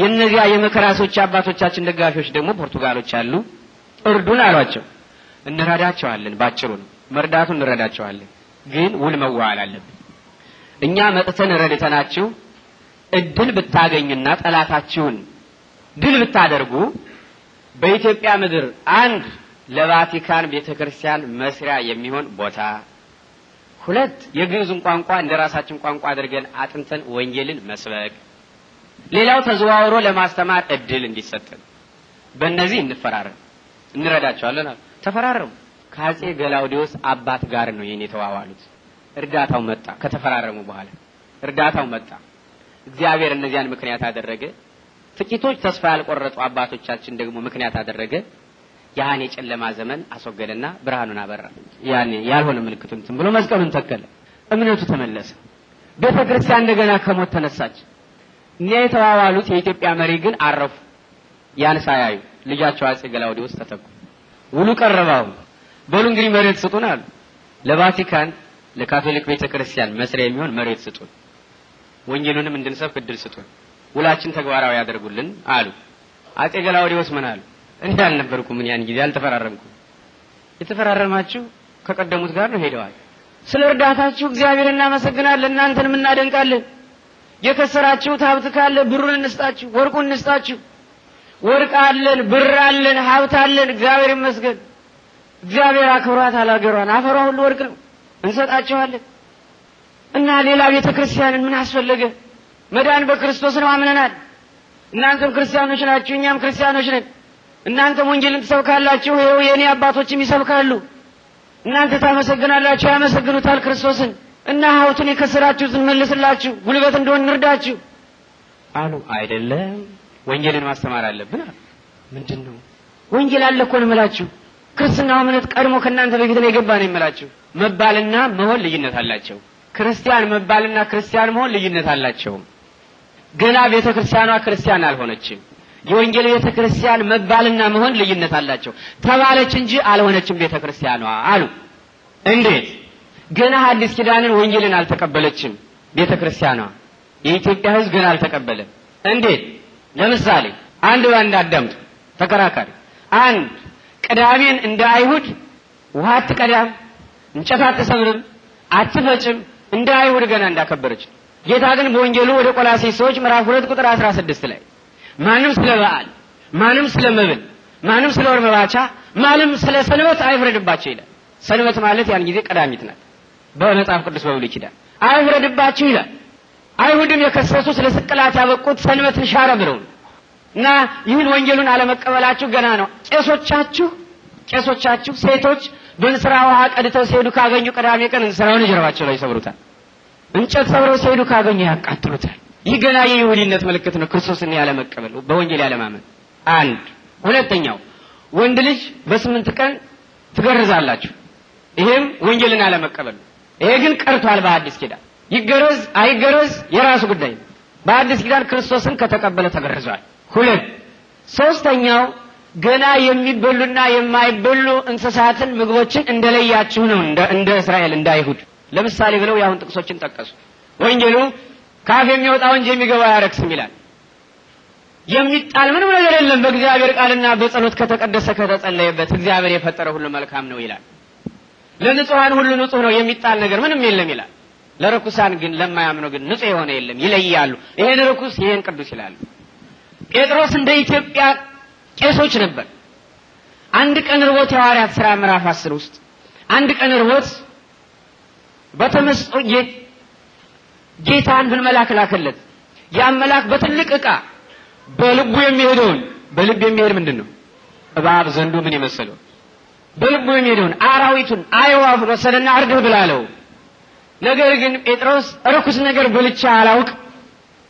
የነዚያ የመከራሶች አባቶቻችን ደጋፊዎች ደግሞ ፖርቱጋሎች አሉ። እርዱን አሏቸው። እንረዳቸዋለን፣ ባጭሩ ነው መርዳቱ እንረዳቸዋለን። ግን ውል መዋዋል አለብን። እኛ መጥተን ረድተናችሁ እድል ብታገኙና ጠላታችሁን ድል ብታደርጉ በኢትዮጵያ ምድር አንድ ለቫቲካን ቤተክርስቲያን መስሪያ የሚሆን ቦታ፣ ሁለት የግዕዙን ቋንቋ እንደራሳችን ቋንቋ አድርገን አጥንተን ወንጌልን መስበክ ሌላው ተዘዋውሮ ለማስተማር እድል እንዲሰጠን በእነዚህ እንፈራረም እንረዳቸዋለን አሉ። ተፈራረሙ። ከአጼ ገላውዲዮስ አባት ጋር ነው ይህን የተዋዋሉት። እርዳታው መጣ። ከተፈራረሙ በኋላ እርዳታው መጣ። እግዚአብሔር እነዚያን ምክንያት አደረገ። ጥቂቶች ተስፋ ያልቆረጡ አባቶቻችን ደግሞ ምክንያት አደረገ። ያን የጨለማ ዘመን አስወገደና ብርሃኑን አበራ። ያኔ ያልሆነ ምልክቱን እንትን ብሎ መስቀሉን ተከለ። እምነቱ ተመለሰ። ቤተ ክርስቲያን እንደገና ከሞት ተነሳች። እኛ የተዋዋሉት የኢትዮጵያ መሪ ግን አረፉ። ያን ሳያዩ ልጃቸው አጼ ገላውዴዎስ ተተኩ። ውሉ ቀረባው በሉ እንግዲህ መሬት ስጡን አሉ። ለቫቲካን ለካቶሊክ ቤተክርስቲያን መስሪያ የሚሆን መሬት ስጡን፣ ወንጌሉንም እንድንሰብክ እድል ስጡን፣ ውላችን ተግባራዊ ያደርጉልን አሉ። አጼ ገላውዴዎስ ምን አሉ? እኔ ምን ያን ጊዜ አልተፈራረምኩም። የተፈራረማችሁ ከቀደሙት ጋር ነው ሄደዋል። ስለ እርዳታችሁ እግዚአብሔር እናመሰግናለን፣ እናንተንም እናደንቃለን። የከሰራችሁት ሀብት ካለ ብሩን እንስጣችሁ፣ ወርቁን እንስጣችሁ። ወርቅ አለን፣ ብር አለን፣ ሀብት አለን። እግዚአብሔር ይመስገን። እግዚአብሔር አክብሯት አላገሯን። አፈሯ ሁሉ ወርቅ ነው፣ እንሰጣቸዋለን። እና ሌላ ቤተ ክርስቲያንን ምን አስፈለገ? መዳን በክርስቶስ ነው፣ አምነናል። እናንተም ክርስቲያኖች ናችሁ፣ እኛም ክርስቲያኖች ነን። እናንተም ወንጌልን ትሰብካላችሁ፣ ይኸው የእኔ አባቶችም ይሰብካሉ። እናንተ ታመሰግናላችሁ፣ ያመሰግኑታል ክርስቶስን እና ሀብቱን የከሰራችሁ እንመልስላችሁ፣ ጉልበት እንደሆን እንርዳችሁ አሉ። አይደለም ወንጌልን ማስተማር አለብን አሉ። ምንድን ነው ወንጌል አለ እኮ ነው የምላችሁ። ክርስትናው እምነት ቀድሞ ከእናንተ በፊት ነው የገባ ነው የምላችሁ። መባልና መሆን ልዩነት አላቸው። ክርስቲያን መባልና ክርስቲያን መሆን ልዩነት አላቸው። ገና ቤተ ክርስቲያኗ ክርስቲያን አልሆነችም። የወንጌል ቤተ ክርስቲያን መባልና መሆን ልዩነት አላቸው። ተባለች እንጂ አልሆነችም ቤተ ክርስቲያኗ አሉ። እንዴት ገና ሐዲስ ኪዳንን ወንጌልን አልተቀበለችም ቤተ ክርስቲያኗ። የኢትዮጵያ ህዝብ ገና አልተቀበለም። እንዴት? ለምሳሌ አንድ ባንድ አዳምጡ፣ ተከራካሪ አንድ ቅዳሜን እንደ አይሁድ ውሃ አትቀዳም፣ እንጨት አትሰምርም አትፈጭም እንደ አይሁድ ገና እንዳከበረች ጌታ ግን በወንጌሉ ወደ ቆላሴ ሰዎች ምዕራፍ ሁለት ቁጥር 16 ላይ ማንም ስለ በዓል ማንም ስለ መብል ማንም ስለ ወር መባቻ ማንም ስለ ሰንበት አይፍረድባቸው ይላል። ሰንበት ማለት ያን ጊዜ ቀዳሚት ናት። በመጽሐፍ ቅዱስ በብሉይ ኪዳን አይውረድባችሁ ይላል። አይሁድም የከሰሱ ስለ ስቅላት ያበቁት ሰንበትን ሻረ ብለው እና ይህን ወንጌሉን አለመቀበላችሁ ገና ነው። ቄሶቻችሁ ቄሶቻችሁ ሴቶች በእንስራ ውሃ ቀድተው ሲሄዱ ካገኙ ቅዳሜ ቀን እንስራውን ጀርባቸው ላይ ይሰብሩታል። እንጨት ሰብረው ሲሄዱ ካገኙ ያቃጥሉታል። ይህ ገና የይሁዲነት ምልክት ነው፣ ክርስቶስን ያለመቀበል፣ በወንጌል ያለማመን። አንድ ሁለተኛው ወንድ ልጅ በስምንት ቀን ትገርዛላችሁ። ይሄም ወንጌልን አለመቀበል ይሄ ግን ቀርቷል። በአዲስ ኪዳን ይገረዝ አይገረዝ የራሱ ጉዳይ ነው። በአዲስ ኪዳን ክርስቶስን ከተቀበለ ተገርዟል። ሁለት ሶስተኛው ገና የሚበሉና የማይበሉ እንስሳትን ምግቦችን እንደለያችሁ ነው። እንደ እስራኤል እንደ አይሁድ ለምሳሌ ብለው የአሁን ጥቅሶችን ጠቀሱ። ወንጌሉ ካፍ የሚወጣው እንጂ የሚገባው አያረክስም ይላል። የሚጣል ምንም ነገር የለም በእግዚአብሔር ቃልና በጸሎት ከተቀደሰ ከተጸለየበት እግዚአብሔር የፈጠረ ሁሉ መልካም ነው ይላል። ለንጹሐን ሁሉ ንጹህ ነው የሚጣል ነገር ምንም የለም ይላል። ለርኩሳን ግን ለማያምኑ ግን ንጹህ የሆነ የለም ይለያሉ። ይሄን ርኩስ ይሄን ቅዱስ ይላሉ። ጴጥሮስ እንደ ኢትዮጵያ ቄሶች ነበር። አንድ ቀን ርቦት የሐዋርያት ሥራ ምዕራፍ አስር ውስጥ አንድ ቀን ርቦት በተመስጦ ጌታን መልአክ ላከለት። ያን መልአክ በትልቅ እቃ በልቡ የሚሄደውን በልብ የሚሄድ ምንድን ነው እባብ ዘንዶ ምን የመሰለው በልቡ የሚሄደውን አራዊቱን አይዋፍ ወሰደና አርድህ ብላለው። ነገር ግን ጴጥሮስ ርኩስ ነገር በልቻ አላውቅ፣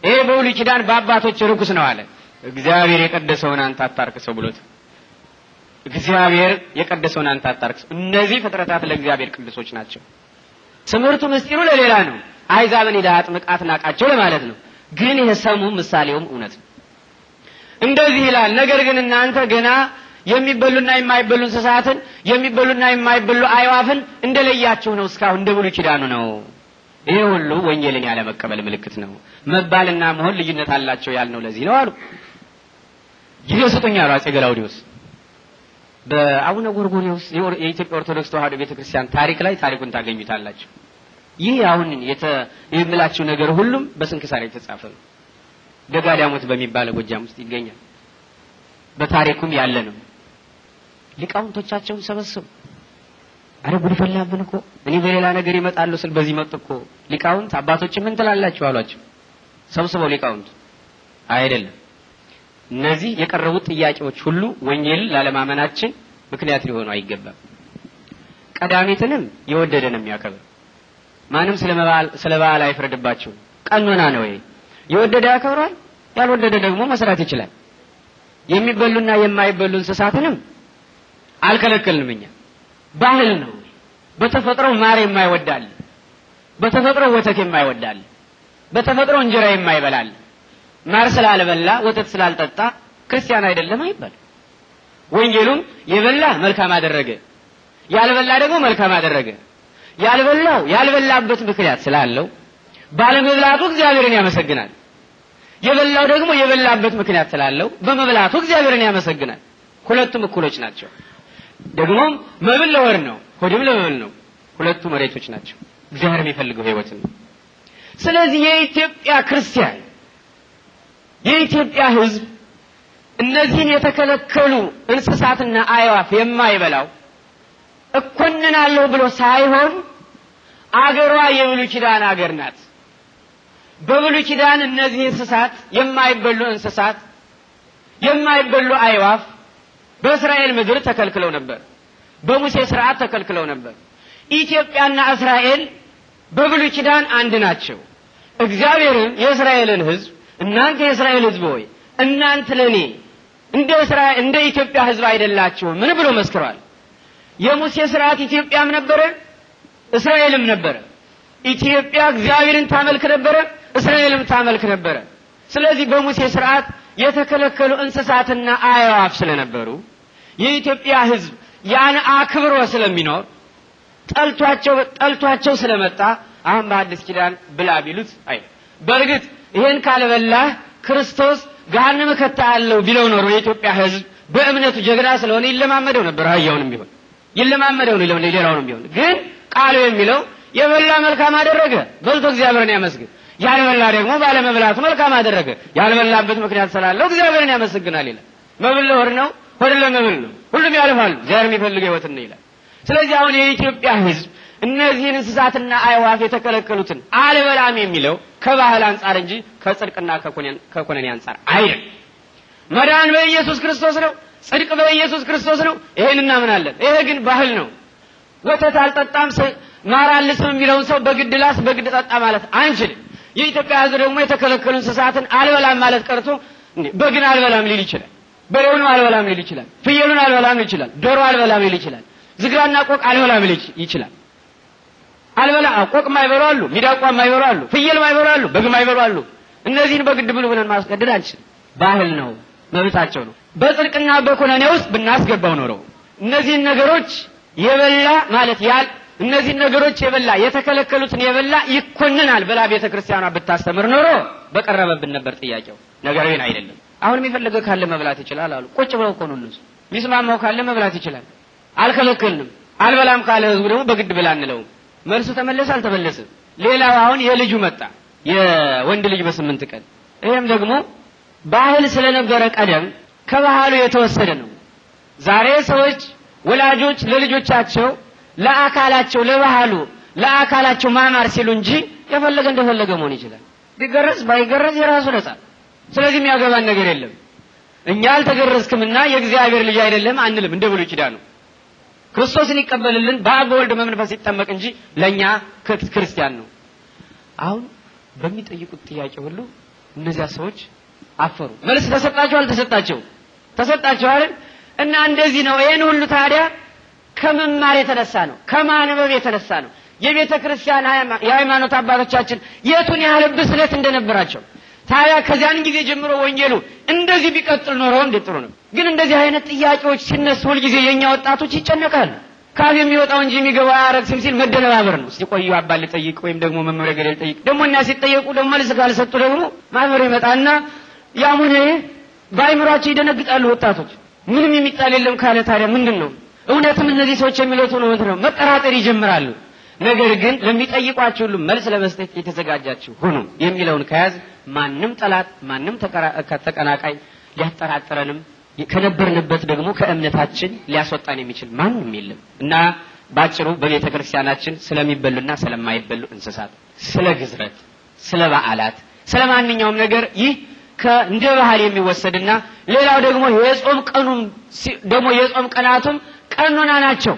ይሄ በብሉይ ኪዳን በአባቶች ርኩስ ነው አለ። እግዚአብሔር የቀደሰውን አንተ አታርክሰው ብሎት እግዚአብሔር የቀደሰውን አንተ አታርክሰው። እነዚህ ፍጥረታት ለእግዚአብሔር ቅዱሶች ናቸው። ትምህርቱ ምስጢሩ ለሌላ ነው። አይዛብን ሄደህ ናቃቸው ለማለት ነው። ግን ይሄ ምሳሌውም እውነት ነው። እንደዚህ ይላል። ነገር ግን እናንተ ገና የሚበሉና የማይበሉ እንስሳትን የሚበሉና የማይበሉ አይዋፍን እንደለያቸው ነው እስካሁን እንደ ብሉይ ኪዳኑ ነው። ይህ ሁሉ ወንጌልን ያለመቀበል ምልክት ነው። መባልና መሆን ልዩነት አላቸው ያልነው ለዚህ ነው አሉ። ጊዜ ስጡኝ አሉ አጼ ገላውዲዮስ። በአቡነ ጎርጎርዮስ የኢትዮጵያ ኦርቶዶክስ ተዋህዶ ቤተክርስቲያን ታሪክ ላይ ታሪኩን ታገኙታላችሁ። ይህ አሁን የምላችሁ ነገር ሁሉም ላይ የተጻፈ ነው። ደጋዳሞት በሚባለ ጎጃም ውስጥ ይገኛል። በታሪኩም ያለ ነው። ሊቃውንቶቻቸውን ሰበስቡ። አረ ጉድ ፈላብን እኮ እኔ በሌላ ነገር ይመጣሉ ስል በዚህ መጡ እኮ ሊቃውንት አባቶች ምን ትላላችሁ አሏቸው። ሰብስበው ሊቃውንት አይደለም እነዚህ የቀረቡት ጥያቄዎች ሁሉ ወንጌል ላለማመናችን ምክንያት ሊሆኑ አይገባም። ቀዳሚትንም የወደደ ነው የሚያከብር። ማንም ስለ በዓል አይፍረድባቸው። ቀኖና ነው ይሄ። የወደደ ያከብራል፣ ያልወደደ ደግሞ መስራት ይችላል። የሚበሉና የማይበሉ እንስሳትንም አልከለከልንም። እኛ ባህል ነው። በተፈጥሮ ማር የማይወዳል፣ በተፈጥሮ ወተት የማይወዳል፣ በተፈጥሮ እንጀራ የማይበላል፣ ማር ስላልበላ ወተት ስላልጠጣ ክርስቲያን አይደለም አይባል። ወንጌሉም የበላ መልካም አደረገ፣ ያልበላ ደግሞ መልካም አደረገ። ያልበላው ያልበላበት ምክንያት ስላለው ባለመብላቱ እግዚአብሔርን ያመሰግናል። የበላው ደግሞ የበላበት ምክንያት ስላለው በመብላቱ እግዚአብሔርን ያመሰግናል። ሁለቱም እኩሎች ናቸው። ደግሞም መብል ለወር ነው፣ ሆድም ለመብል ነው። ሁለቱ መሬቶች ናቸው። እግዚአብሔር የሚፈልገው ህይወት ነው። ስለዚህ የኢትዮጵያ ክርስቲያን የኢትዮጵያ ህዝብ እነዚህን የተከለከሉ እንስሳትና አይዋፍ የማይበላው እኮንናለሁ ብሎ ሳይሆን አገሯ የብሉኪዳን ኪዳን አገር ናት። በብሉኪዳን ኪዳን እነዚህ እንስሳት የማይበሉ እንስሳት የማይበሉ አይዋፍ በእስራኤል ምድር ተከልክለው ነበር። በሙሴ ስርዓት ተከልክለው ነበር። ኢትዮጵያና እስራኤል በብሉይ ኪዳን አንድ ናቸው። እግዚአብሔርም የእስራኤልን ሕዝብ እናንተ የእስራኤል ሕዝብ ሆይ እናንተ ለኔ እንደ እስራኤል እንደ ኢትዮጵያ ሕዝብ አይደላችሁ ምን ብሎ መስክሯል። የሙሴ ስርዓት ኢትዮጵያም ነበረ እስራኤልም ነበረ። ኢትዮጵያ እግዚአብሔርን ታመልክ ነበረ፣ እስራኤልም ታመልክ ነበረ። ስለዚህ በሙሴ ስርዓት የተከለከሉ እንስሳትና አዕዋፍ ስለነበሩ የኢትዮጵያ ህዝብ ያን አክብሮ ስለሚኖር ጠልቷቸው ጠልቷቸው ስለመጣ አሁን በአዲስ ኪዳን ብላ ቢሉት አይ በእርግጥ ይሄን ካልበላህ ክርስቶስ ገሃነም እከትሃለሁ ቢለው ኖሮ የኢትዮጵያ ህዝብ በእምነቱ ጀግና ስለሆነ ይለማመደው ነበር። አያውንም ቢሆን ይለማመደው ነው፣ ሌላውንም ቢሆን ግን ቃሉ የሚለው የበላ መልካም አደረገ በልቶ እግዚአብሔርን ያመስግን ያልበላ ደግሞ ባለመብላቱ መልካም አደረገ። ያልበላበት ምክንያት ስላለው እግዚአብሔርን ያመሰግናል ይላል። መብል ለሆድ ነው፣ ሆድ ለመብል ነው። ሁሉም ያልፋሉ፣ እግዚአብሔር የሚፈልገው ህይወት ነው ይላል። ስለዚህ አሁን የኢትዮጵያ ህዝብ እነዚህን እንስሳትና አይዋፍ የተከለከሉትን አልበላም የሚለው ከባህል አንጻር እንጂ ከጽድቅና ከኮነኔ አንጻር አይደል። መዳን በኢየሱስ ክርስቶስ ነው። ጽድቅ በኢየሱስ ክርስቶስ ነው። ይሄን እናምናለን። ይሄ ግን ባህል ነው። ወተት አልጠጣም ማር አልስም የሚለውን ሰው በግድ ላስ በግድ ጠጣ ማለት አንችልም። የኢትዮጵያ ሕዝብ ደግሞ የተከለከሉ እንስሳትን አልበላም ማለት ቀርቶ በግን አልበላም ሊል ይችላል። በሬውን አልበላም ሊል ይችላል። ፍየሉን አልበላም ሊል ይችላል። ዶሮ አልበላም ሊል ይችላል። ዝግራና ቆቅ አልበላም ሊል ይችላል። አልበላ ቆቅ ማይበሉ አሉ፣ ሚዳቋ ማይበሉ አሉ፣ ፍየል ማይበሉ አሉ፣ በግ ማይበሉ አሉ። እነዚህን በግድ ብሉ ብለን ማስገደድ አንችልም። ባህል ነው፣ መብታቸው ነው። በጽድቅና በኩነኔ ውስጥ ብናስገባው ኖረው እነዚህን ነገሮች የበላ ማለት ያል እነዚህን ነገሮች የበላ የተከለከሉትን የበላ ይኮንናል ብላ ቤተ ክርስቲያኗ ብታስተምር ኖሮ በቀረበብን ነበር ጥያቄው። ነገር ግን አይደለም። አሁን የፈለገ ካለ መብላት ይችላል አሉ። ቁጭ ብለው እኮ እነሱ። የሚስማማው ካለ መብላት ይችላል። አልከለከልንም። አልበላም ካለ ህዝቡ ደግሞ በግድ ብላ አንለውም። መልሱ ተመለሰ አልተመለሰ። ሌላው አሁን የልጁ መጣ የወንድ ልጅ በስምንት ቀን ይህም ደግሞ ባህል ስለነበረ ቀደም ከባህሉ የተወሰደ ነው። ዛሬ ሰዎች ወላጆች ለልጆቻቸው ለአካላቸው ለባህሉ ለአካላቸው ማማር ሲሉ እንጂ የፈለገ እንደፈለገ መሆን ይችላል። ቢገረዝ ባይገረዝ የራሱ ነጻ። ስለዚህ የሚያገባን ነገር የለም። እኛ አልተገረዝክምና የእግዚአብሔር ልጅ አይደለም አንልም። እንደ ብሉይ ኪዳኑ ክርስቶስን ይቀበልልን በአብ በወልድ በመንፈስ ይጠመቅ እንጂ ለእኛ ክርስቲያን ነው። አሁን በሚጠይቁት ጥያቄ ሁሉ እነዚያ ሰዎች አፈሩ። መልስ ተሰጣቸው አልተሰጣቸው? ተሰጣቸው አይደል? እና እንደዚህ ነው። ይሄን ሁሉ ታዲያ ከመማር የተነሳ ነው። ከማንበብ የተነሳ ነው። የቤተ ክርስቲያን የሃይማኖት አባቶቻችን የቱን ያህል ብስለት እንደነበራቸው ታዲያ ከዚያን ጊዜ ጀምሮ ወንጌሉ እንደዚህ ቢቀጥል ኖሮ እንዴት ጥሩ ነው። ግን እንደዚህ አይነት ጥያቄዎች ሲነሱ ሁልጊዜ የእኛ ወጣቶች ይጨነቃሉ። ካብ የሚወጣው እንጂ የሚገባው አያረግስም ሲል መደነባበር ነው። ሲቆዩ አባ አባል ልጠይቅ ወይም ደግሞ መምህር ገሌ ልጠይቅ። ደግሞ እና ሲጠየቁ ደግሞ መልስ ካልሰጡ ደግሞ መምህር ይመጣና ያሙን ባይምሯቸው ይደነግጣሉ ወጣቶች። ምንም የሚጣል የለም ካለ ታዲያ ምንድን ነው እውነትም እነዚህ ሰዎች የሚሉት እውነት ነው፣ መጠራጠር ይጀምራሉ። ነገር ግን ለሚጠይቋቸው ሁሉ መልስ ለመስጠት የተዘጋጃችሁ ሁኑ የሚለውን ከያዝ ማንም ጠላት፣ ማንም ተቀናቃይ ሊያጠራጥረንም ከነበርንበት ደግሞ ከእምነታችን ሊያስወጣን የሚችል ማንም የለም እና ባጭሩ በቤተ ክርስቲያናችን ስለሚበሉና ስለማይበሉ እንስሳት፣ ስለ ግዝረት፣ ስለ በዓላት፣ ስለ ማንኛውም ነገር ይህ እንደ ባህል የሚወሰድና ሌላው ደግሞ የጾም ቀኑም ደግሞ የጾም ቀናቱም ቀኖና ናቸው።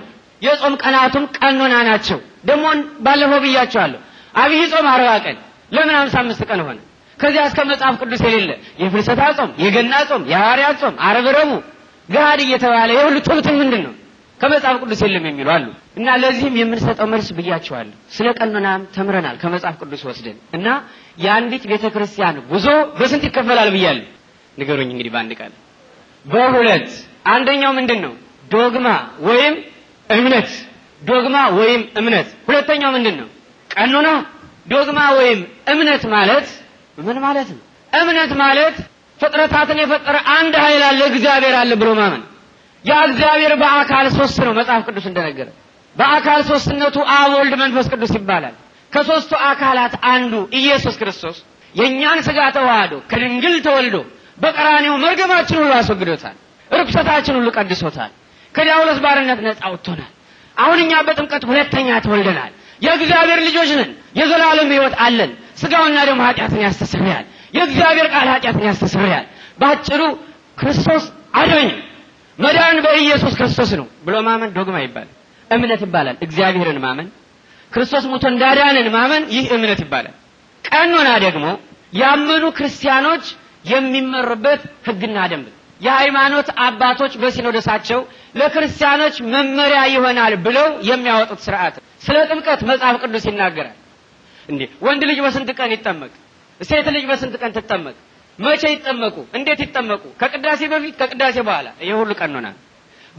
የጾም ቀናቱም ቀኖና ናቸው። ደግሞ ባለፈው ብያቸዋለሁ። አብይ ጾም አርባ ቀን ለምን ሃምሳ አምስት ቀን ሆነ? ከዚያ እስከ መጽሐፍ ቅዱስ የሌለ የፍልሰታ ጾም፣ የገና ጾም፣ የሐዋርያት ጾም፣ አረብረቡ ረቡዕ ገሃድ እየተባለ የሁሉ ጾምትን ምንድን ነው? ከመጽሐፍ ቅዱስ የለም የሚሉ አሉ። እና ለዚህም የምንሰጠው መልስ ብያቸዋለሁ። ስለ ቀኖናም ተምረናል ከመጽሐፍ ቅዱስ ወስደን እና የአንዲት ቤተ ክርስቲያን ጉዞ በስንት ይከፈላል ብያለሁ። ንገሩኝ እንግዲህ በአንድ ቀን በሁለት አንደኛው ምንድን ነው? ዶግማ ወይም እምነት ዶግማ ወይም እምነት። ሁለተኛው ምንድን ነው? ዶግማ ወይም እምነት ማለት ምን ማለት ነው? እምነት ማለት ፍጥረታትን የፈጠረ አንድ ኃይል አለ፣ እግዚአብሔር አለ ብሎ ማመን። ያ እግዚአብሔር በአካል ሶስት ነው። መጽሐፍ ቅዱስ እንደነገረ በአካል ሶስትነቱ አብ፣ ወልድ፣ መንፈስ ቅዱስ ይባላል። ከሶስቱ አካላት አንዱ ኢየሱስ ክርስቶስ የእኛን ስጋ ተዋህዶ ከድንግል ተወልዶ በቀራኔው መርገማችን ሁሉ አስወግዶታል። ርኩሰታችን ሁሉ ቀድሶታል። ከዲያብሎስ ባርነት ነፃ ወጥቶናል። አሁን እኛ በጥምቀት ሁለተኛ ተወልደናል። የእግዚአብሔር ልጆች ነን። የዘላለም ሕይወት አለን። ስጋውና ደግሞ ኃጢአትን ያስተሰርያል። የእግዚአብሔር ቃል ኃጢአትን ያስተሰርያል። በአጭሩ ክርስቶስ አድነኝ፣ መዳን በኢየሱስ ክርስቶስ ነው ብሎ ማመን ዶግማ ይባላል፣ እምነት ይባላል። እግዚአብሔርን ማመን ክርስቶስ ሙቶ እንዳዳንን ማመን ይህ እምነት ይባላል። ቀኖና ደግሞ ያመኑ ክርስቲያኖች የሚመሩበት ሕግና ደንብ የሃይማኖት አባቶች በሲኖደሳቸው ለክርስቲያኖች መመሪያ ይሆናል ብለው የሚያወጡት ስርዓት። ስለ ጥምቀት መጽሐፍ ቅዱስ ይናገራል። እንዴ ወንድ ልጅ በስንት ቀን ይጠመቅ? ሴት ልጅ በስንት ቀን ትጠመቅ? መቼ ይጠመቁ? እንዴት ይጠመቁ? ከቅዳሴ በፊት፣ ከቅዳሴ በኋላ። ይሄ ሁሉ ቀኖና።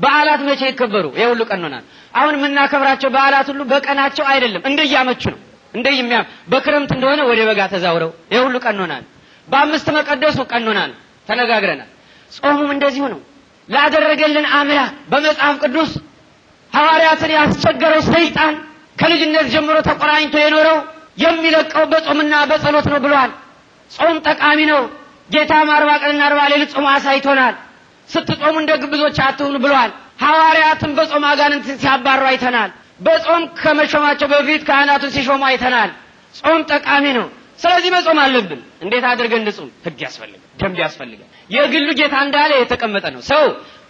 በዓላት መቼ ይከበሩ? ይሄ ሁሉ ቀኖና። አሁን የምናከብራቸው በዓላት ሁሉ በቀናቸው አይደለም፣ እንደያመቹ ነው። የሚያ በክረምት እንደሆነ ወደ በጋ ተዛውረው ይሄ ሁሉ ቀኖና። በአምስት መቀደሱ ቀኖና ተነጋግረናል። ጾሙም እንደዚሁ ነው። ላደረገልን አምላክ በመጽሐፍ ቅዱስ ሐዋርያትን ያስቸገረው ሰይጣን ከልጅነት ጀምሮ ተቆራኝቶ የኖረው የሚለቀው በጾምና በጸሎት ነው ብሏል። ጾም ጠቃሚ ነው። ጌታም አርባ ቀንና አርባ ሌሊት ጾም አሳይቶናል። ስትጾሙ እንደ ግብዞች አትሁኑ ብሏል። ሐዋርያትን በጾም አጋንንትን ሲያባሩ አይተናል። በጾም ከመሾማቸው በፊት ካህናቱን ሲሾሙ አይተናል። ጾም ጠቃሚ ነው። ስለዚህ መጾም አለብን። እንዴት አድርገን እንጹም? ህግ ያስፈልጋል፣ ደንብ ያስፈልጋል። የግሉ ጌታ እንዳለ የተቀመጠ ነው። ሰው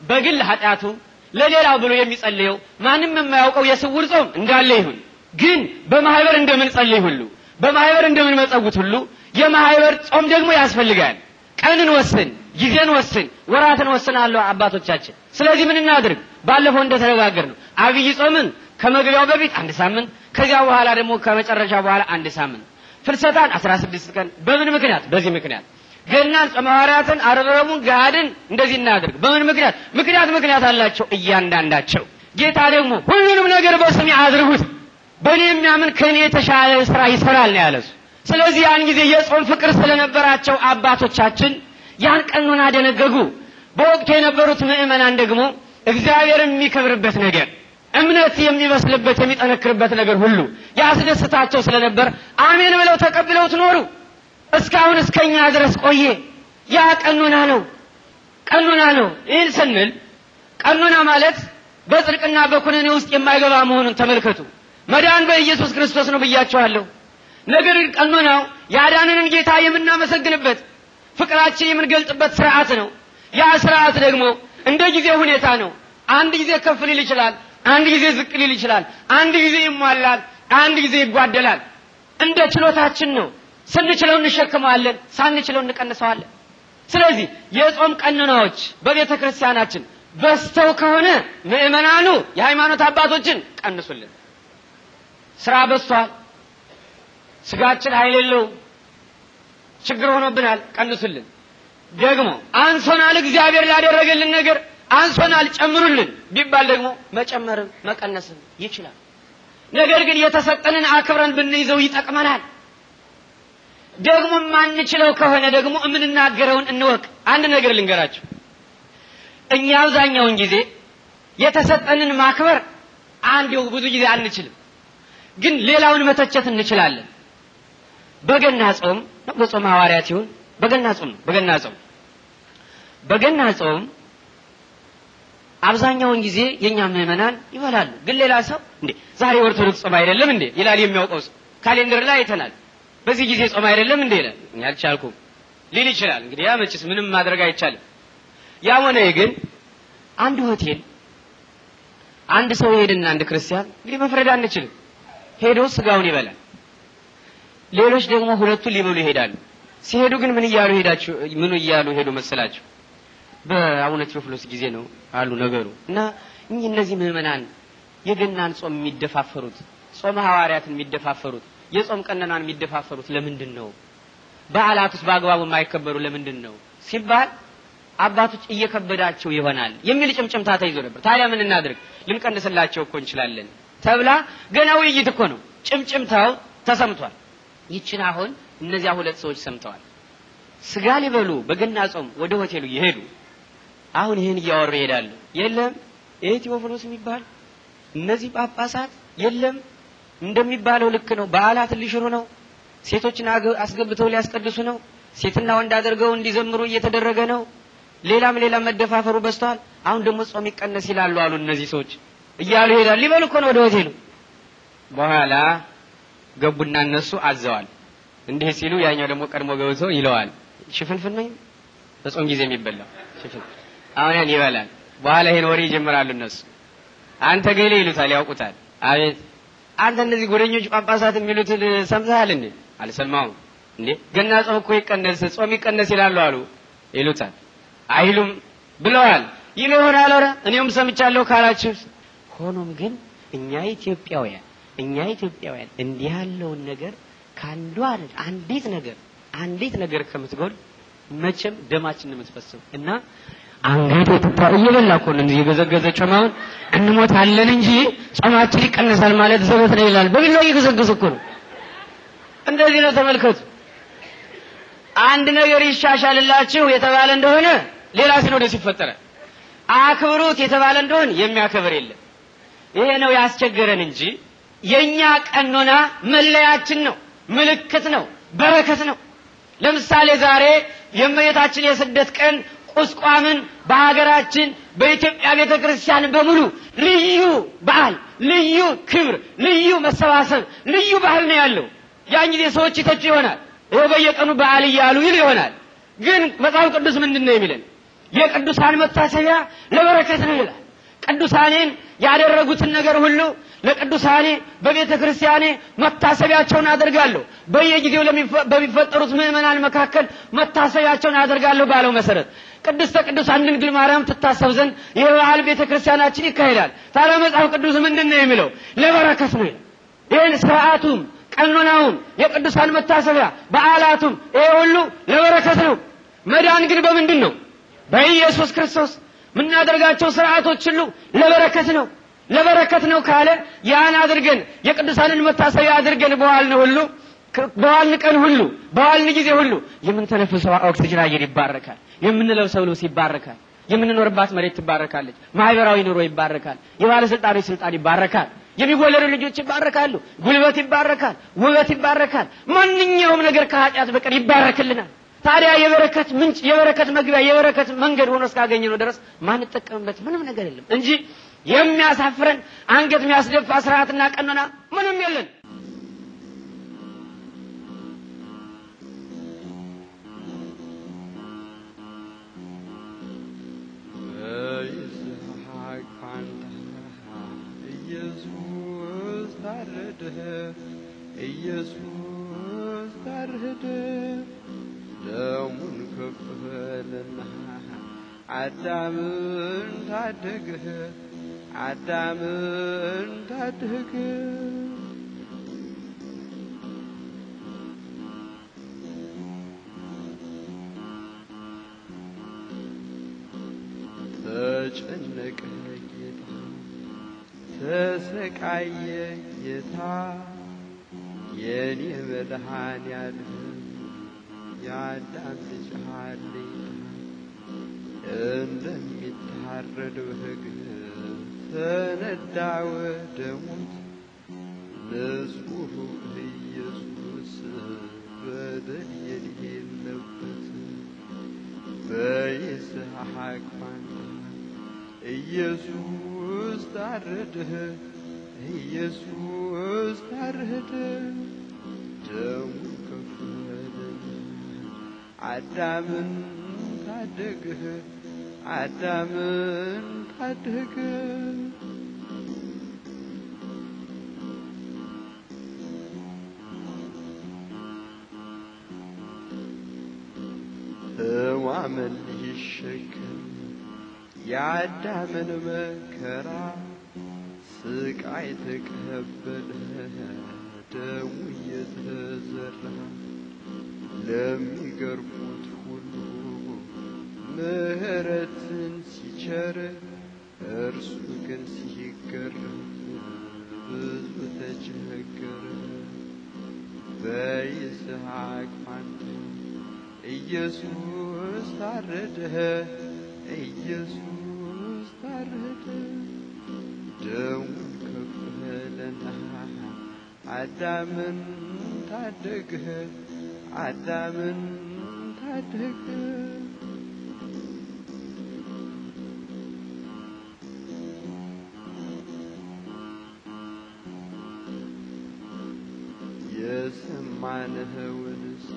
በግል ኃጢአቱ ለሌላው ብሎ የሚጸልየው ማንም የማያውቀው የስውር ጾም እንዳለ ይሁን። ግን በማህበር እንደምን ጸልይ ሁሉ በማህበር እንደምን መጸውት ሁሉ የማህበር ጾም ደግሞ ያስፈልጋል። ቀንን ወስን፣ ጊዜን ወስን፣ ወራትን ወስናለሁ አባቶቻችን። ስለዚህ ምን እናድርግ? ባለፈው እንደተነጋገር ነው አብይ ጾምን ከመግቢያው በፊት አንድ ሳምንት ከዚያ በኋላ ደግሞ ከመጨረሻ በኋላ አንድ ሳምንት ፍልሰታን አስራ ስድስት ቀን በምን ምክንያት? በዚህ ምክንያት ገናን፣ ጾመ ሐዋርያትን፣ ዓርብ፣ ረቡዕን፣ ገሃድን እንደዚህ እናድርግ። በምን ምክንያት? ምክንያት ምክንያት አላቸው እያንዳንዳቸው። ጌታ ደግሞ ሁሉንም ነገር በስሜ አድርጉት፣ በእኔ የሚያምን ከእኔ የተሻለ ስራ ይሰራል ነው ያለሱ። ስለዚህ ያን ጊዜ የጾም ፍቅር ስለነበራቸው አባቶቻችን ያን ቀኑን አደነገጉ በወቅቱ የነበሩት ምእመናን ደግሞ እግዚአብሔር የሚከብርበት ነገር እምነት የሚመስልበት የሚጠነክርበት ነገር ሁሉ ያስደስታቸው ስለነበር አሜን ብለው ተቀብለውት ኖሩ። እስካሁን እስከኛ ድረስ ቆየ። ያ ቀኖና ነው፣ ቀኖና ነው። ይህን ስንል ቀኖና ማለት በጽድቅና በኩነኔ ውስጥ የማይገባ መሆኑን ተመልከቱ። መዳን በኢየሱስ ክርስቶስ ነው ብያችኋለሁ። ነገር ግን ቀኖናው ያዳንንን ጌታ የምናመሰግንበት ፍቅራችን የምንገልጥበት ስርዓት ነው። ያ ስርዓት ደግሞ እንደ ጊዜ ሁኔታ ነው። አንድ ጊዜ ከፍ ሊል ይችላል አንድ ጊዜ ዝቅ ሊል ይችላል። አንድ ጊዜ ይሟላል፣ አንድ ጊዜ ይጓደላል። እንደ ችሎታችን ነው። ስንችለው እንሸክመዋለን፣ ሳንችለው እንቀንሰዋለን። ስለዚህ የጾም ቀንናዎች በቤተ ክርስቲያናችን በስተው ከሆነ ምእመናኑ የሃይማኖት አባቶችን ቀንሱልን። ስራ በስቷል ስጋችን ኃይል ችግር ሆኖብናል፣ ቀንሱልን። ደግሞ አንሶናል እግዚአብሔር ላደረገልን ነገር አንሶናል ጨምሩልን ቢባል ደግሞ መጨመርም መቀነስም ይችላል። ነገር ግን የተሰጠንን አክብረን ብንይዘው ይጠቅመናል። ደግሞ ማንችለው ከሆነ ደግሞ የምንናገረውን እንወቅ። አንድ ነገር ልንገራቸው። እኛ አብዛኛውን ጊዜ የተሰጠንን ማክበር አንድ ብዙ ጊዜ አንችልም፣ ግን ሌላውን መተቸት እንችላለን። በገና ጾም ነው። በጾም ሐዋርያት ይሁን በገና ጾም ነው። በገና ጾም በገና ጾም አብዛኛውን ጊዜ የኛ ምእመናን ይበላሉ። ግን ሌላ ሰው እንዴ ዛሬ ኦርቶዶክስ ጾም አይደለም እንዴ ይላል። የሚያውቀው ሰው ካሌንደር ላይ አይተናል። በዚህ ጊዜ ጾም አይደለም እንዴ ይላል። እኔ አልቻልኩም ሊል ይችላል። እንግዲህ ያ መችስ ምንም ማድረግ አይቻልም። ያ ሆነ ግን አንድ ሆቴል አንድ ሰው ይሄድና አንድ ክርስቲያን እንግዲህ መፍረድ አንችልም፣ ሄዶ ስጋውን ይበላል። ሌሎች ደግሞ ሁለቱን ሊበሉ ይሄዳሉ። ሲሄዱ ግን ምን እያሉ ሄዳችሁ ምን እያሉ ሄዱ መሰላችሁ? በአቡነ ቴዎፍሎስ ጊዜ ነው አሉ ነገሩ እና እኚህ እነዚህ ምእመናን የገናን ጾም የሚደፋፈሩት ጾም ሐዋርያትን የሚደፋፈሩት የጾም ቀነናን የሚደፋፈሩት ለምንድን ነው? በዓላት ውስጥ በአግባቡ የማይከበሩ ለምንድን ነው ሲባል አባቶች እየከበዳቸው ይሆናል የሚል ጭምጭምታ ተይዞ ነበር። ታዲያ ምን እናድርግ? ልንቀንስላቸው እኮ እንችላለን ተብላ ገና ውይይት እኮ ነው። ጭምጭምታው ተሰምቷል። ይችን አሁን እነዚያ ሁለት ሰዎች ሰምተዋል። ስጋ ሊበሉ በገና ጾም ወደ ሆቴሉ ይሄዱ አሁን ይህን እያወሩ ይሄዳሉ። የለም ይሄ ቴዎፍሎስ የሚባል እነዚህ ጳጳሳት የለም እንደሚባለው ልክ ነው። በዓላት ሊሽሩ ነው። ሴቶችን አስገብተው ሊያስቀድሱ ነው። ሴትና ወንድ አድርገው እንዲዘምሩ እየተደረገ ነው። ሌላም ሌላም መደፋፈሩ በዝቷል። አሁን ደግሞ ጾም ይቀነስ ይላሉ አሉ እነዚህ ሰዎች እያሉ ይሄዳሉ። ሊበሉ እኮ ነው ወደ ሆቴሉ። በኋላ ገቡና እነሱ አዘዋል። እንዲህ ሲሉ ያኛው ደግሞ ቀድሞ ገብቶ ይለዋል። ሽፍንፍን ነው በጾም ጊዜ የሚበላው ሽፍንፍን አሁን ያን ይበላል። በኋላ ይሄን ወሬ ይጀምራሉ እነሱ። አንተ ገሌ ይሉታል፣ ያውቁታል። አቤት አንተ እነዚህ ጎደኞች ጳጳሳት የሚሉትን ሰምተሃል እንዴ? አልሰማሁም። እንዴ ገና ጾም እኮ ይቀነስ ጾም ይቀነስ ይላሉ አሉ ይሉታል። አይሉም ብለዋል ይሉ ይሆናል። ኧረ እኔውም ሰምቻለሁ ካላችሁ። ሆኖም ግን እኛ ኢትዮጵያውያን እኛ ኢትዮጵያውያን እንዲህ ያለውን ነገር ካንዱ አይደል አንዲት ነገር አንዲት ነገር ከምትጎል መቼም ደማችን የምትፈሰው እና አንገት የትታ እየበላ እኮ ነው ጮማውን እንሞታለን እንጂ ጾማችን ይቀነሳል ማለት ዘበት ነው ይላል። በሚል ነው እየገዘገዘ እኮ ነው። እንደዚህ ነው። ተመልከቱ። አንድ ነገር ይሻሻልላችሁ የተባለ እንደሆነ ሌላ ሲኖዶስ ይፈጠራል። አክብሩት የተባለ እንደሆነ የሚያከብር የለም። ይሄ ነው ያስቸገረን እንጂ የኛ ቀኖና መለያችን ነው፣ ምልክት ነው፣ በረከት ነው። ለምሳሌ ዛሬ የእመቤታችን የስደት ቀን ቁስቋምን በሀገራችን በኢትዮጵያ ቤተ ክርስቲያን በሙሉ ልዩ በዓል፣ ልዩ ክብር፣ ልዩ መሰባሰብ፣ ልዩ ባህል ነው ያለው። ያን ጊዜ ሰዎች ይተቹ ይሆናል። ይኸው በየቀኑ በዓል እያሉ ይሉ ይሆናል። ግን መጽሐፍ ቅዱስ ምንድን ነው የሚለን? የቅዱሳን መታሰቢያ ለበረከት ነው ይላል። ቅዱሳኔን ያደረጉትን ነገር ሁሉ ለቅዱሳኔ በቤተ ክርስቲያኔ መታሰቢያቸውን አደርጋለሁ፣ በየጊዜው በሚፈጠሩት ምዕመናን መካከል መታሰቢያቸውን አደርጋለሁ ባለው መሰረት ቅድስተ ቅዱሳን ድንግል ማርያም ትታሰብ ዘንድ ይህ በዓል ቤተ ክርስቲያናችን ይካሄዳል። ታዲያ መጽሐፍ ቅዱስ ምንድን ነው የሚለው? ለበረከት ነው። ይህን ስርዓቱም ቀኖናውም የቅዱሳን መታሰቢያ በዓላቱም ይሄ ሁሉ ለበረከት ነው። መዳን ግን በምንድን ነው? በኢየሱስ ክርስቶስ። የምናደርጋቸው ስርዓቶች ሁሉ ለበረከት ነው። ለበረከት ነው ካለ ያን አድርገን የቅዱሳንን መታሰቢያ አድርገን በዋልን ሁሉ በዋልን ቀን ሁሉ በዋልን ጊዜ ሁሉ የምንተነፍሰው ኦክሲጅን አየር ይባረካል። የምንለብሰው ልብስ ይባረካል። የምንኖርባት መሬት ትባረካለች። ማህበራዊ ኑሮ ይባረካል። የባለስልጣኖች ስልጣን ይባረካል። የሚወለዱ ልጆች ይባረካሉ። ጉልበት ይባረካል። ውበት ይባረካል። ማንኛውም ነገር ከኃጢአት በቀር ይባረክልናል። ታዲያ የበረከት ምንጭ፣ የበረከት መግቢያ፣ የበረከት መንገድ ሆኖ እስካገኘ ነው ድረስ ማንጠቀምበት ምንም ነገር የለም እንጂ የሚያሳፍረን አንገት የሚያስደፋ ስርዓትና ቀኖና ምንም የለን። ታርድህ ኢየሱስ ታርድህ ደሙን ከፍልና አዳምን ታድግህ አዳምን ታድግህ አየ ጌታ የኔ መድኃኔ ዓለም የአዳም ልጅ ሀሌታ እንደሚታረድ በሕግህ ተነዳ ወደ ንጹሕ ኢየሱስ በደል የሌለበት በይስሐቅ ፋንታ ኢየሱስ ታረድህ ኢየሱስ ታርህደን ደሙን ከፈለን አዳምን ታደግህ አዳምን ታደገ ሕማምን ይሸከም የአዳምን መከራ ስቃይ ተቀበልህ ደሙ እየተዘራ ለሚገርፉት ሁሉ ምሕረትን ሲቸር እርሱ ግን ሲገረፍ ብዙ ተቸገረ። በይስሐቅ ፋንታ ኢየሱስ ታረደህ ኢየሱስ አዳምን ታደግህ አዳምን ታደግህ የሰማንህውንስ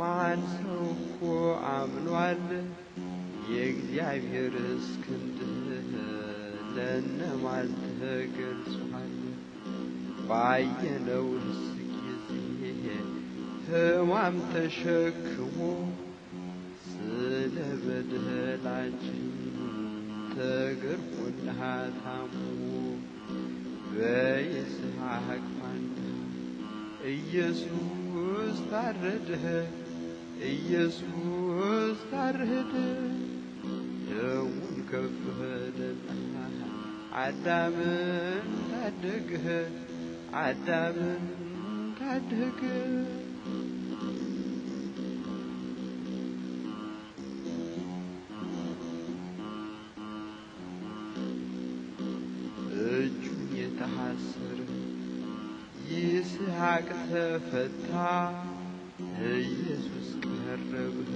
ማን ሰው እኮ አምኗል? የእግዚአብሔር እስክንድህ ለእነማን ተገልጿል? ባየነውስ ጊዜ ሕማም ተሸክሞ ስለ በደላችን ተገርፎና ታሞ በይስሐቅ ፋንታ ኢየሱስ ታረድህ ኢየሱስ ታርህድ ደሙን ከፈለልህ አዳምን ታደግህ አዳምን ታደገ። እጁን የተሐሰረ ይስሐቅ ተፈታ። ኢየሱስ ቀረበ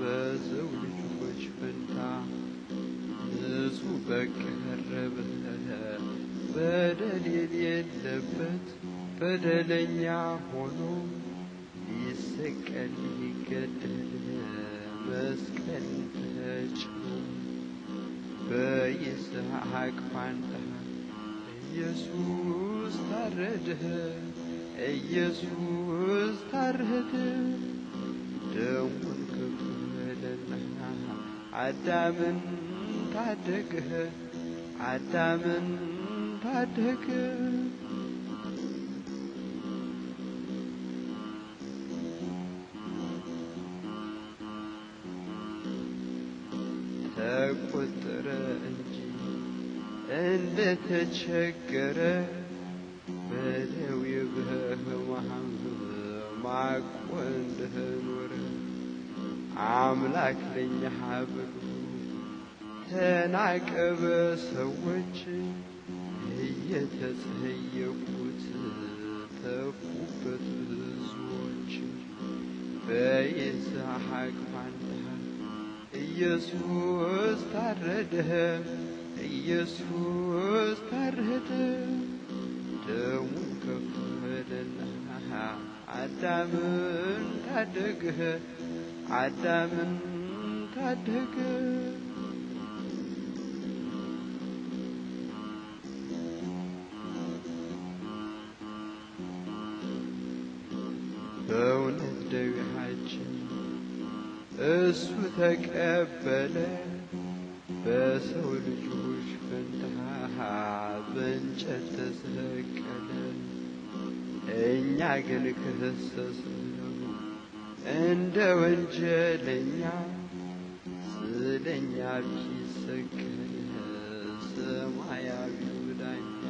በሰው ልጆች ፈንታ ንጹሕ በግ በደል የሌለበት በደለኛ ሆኖ ሊሰቀል ሊገደል መስቀል ተጭኖ በይስሐቅ ፋንታ ኢየሱስ ታረድህ ኢየሱስ ታረደ ደሙን ከፈለና አዳምን ታደግህ አዳምን ታደገ። ተቆጠረ እንጂ እንደተቸገረ በደዌ በሕማም ማቆ እንደኖረ አምላክ ለእኛ ብሎ ተናቀበ ሰዎች የተጸየፉት ተኩበት ብዙዎች በይስሐቅ ፋንታ ኢየሱስ ታረደ፣ ኢየሱስ ታረደ። ደሙ ከፈለና አዳምን ታደገ፣ አዳምን ታደገ። ተቀበለ በሰው ልጆች ፈንታ በእንጨት ተሰቀለ። እኛ ግን ከሰስነው እንደ ወንጀለኛ ስለኛ ቢሰቀለ ሰማያዊው ዳኛ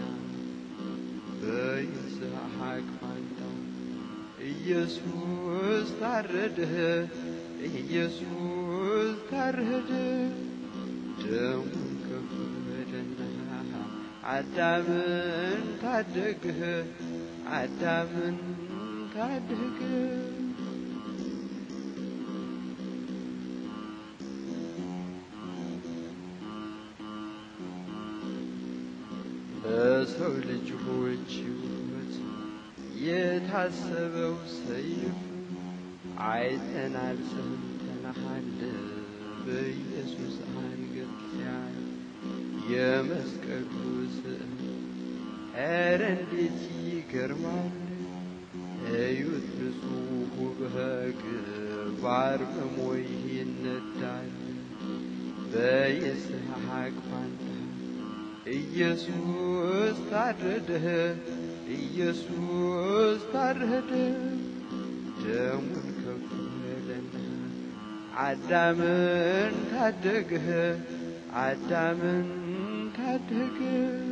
በይስሐቅ ፋንታ ኢየሱስ ታረደ ኢየሱስ ከርህድ ደሙን ከፈለና አዳምን ታደግህ አዳምን ታድግ በሰው ልጅ ሆች ውበት የታሰበው ሰይፍ አይተናል ሰምተናሃል በኢየሱስ አንገትያ የመስቀሉ ስዕል ኧረ እንዴት ይገርማል! እዩት ንጹሕ በግባር በሞይ ይነዳል በይስሐቅ ፋንታ ኢየሱስ ታረደህ ኢየሱስ ታረደህ ደሙ عدامن ታደግህ عዳምን ታደግህ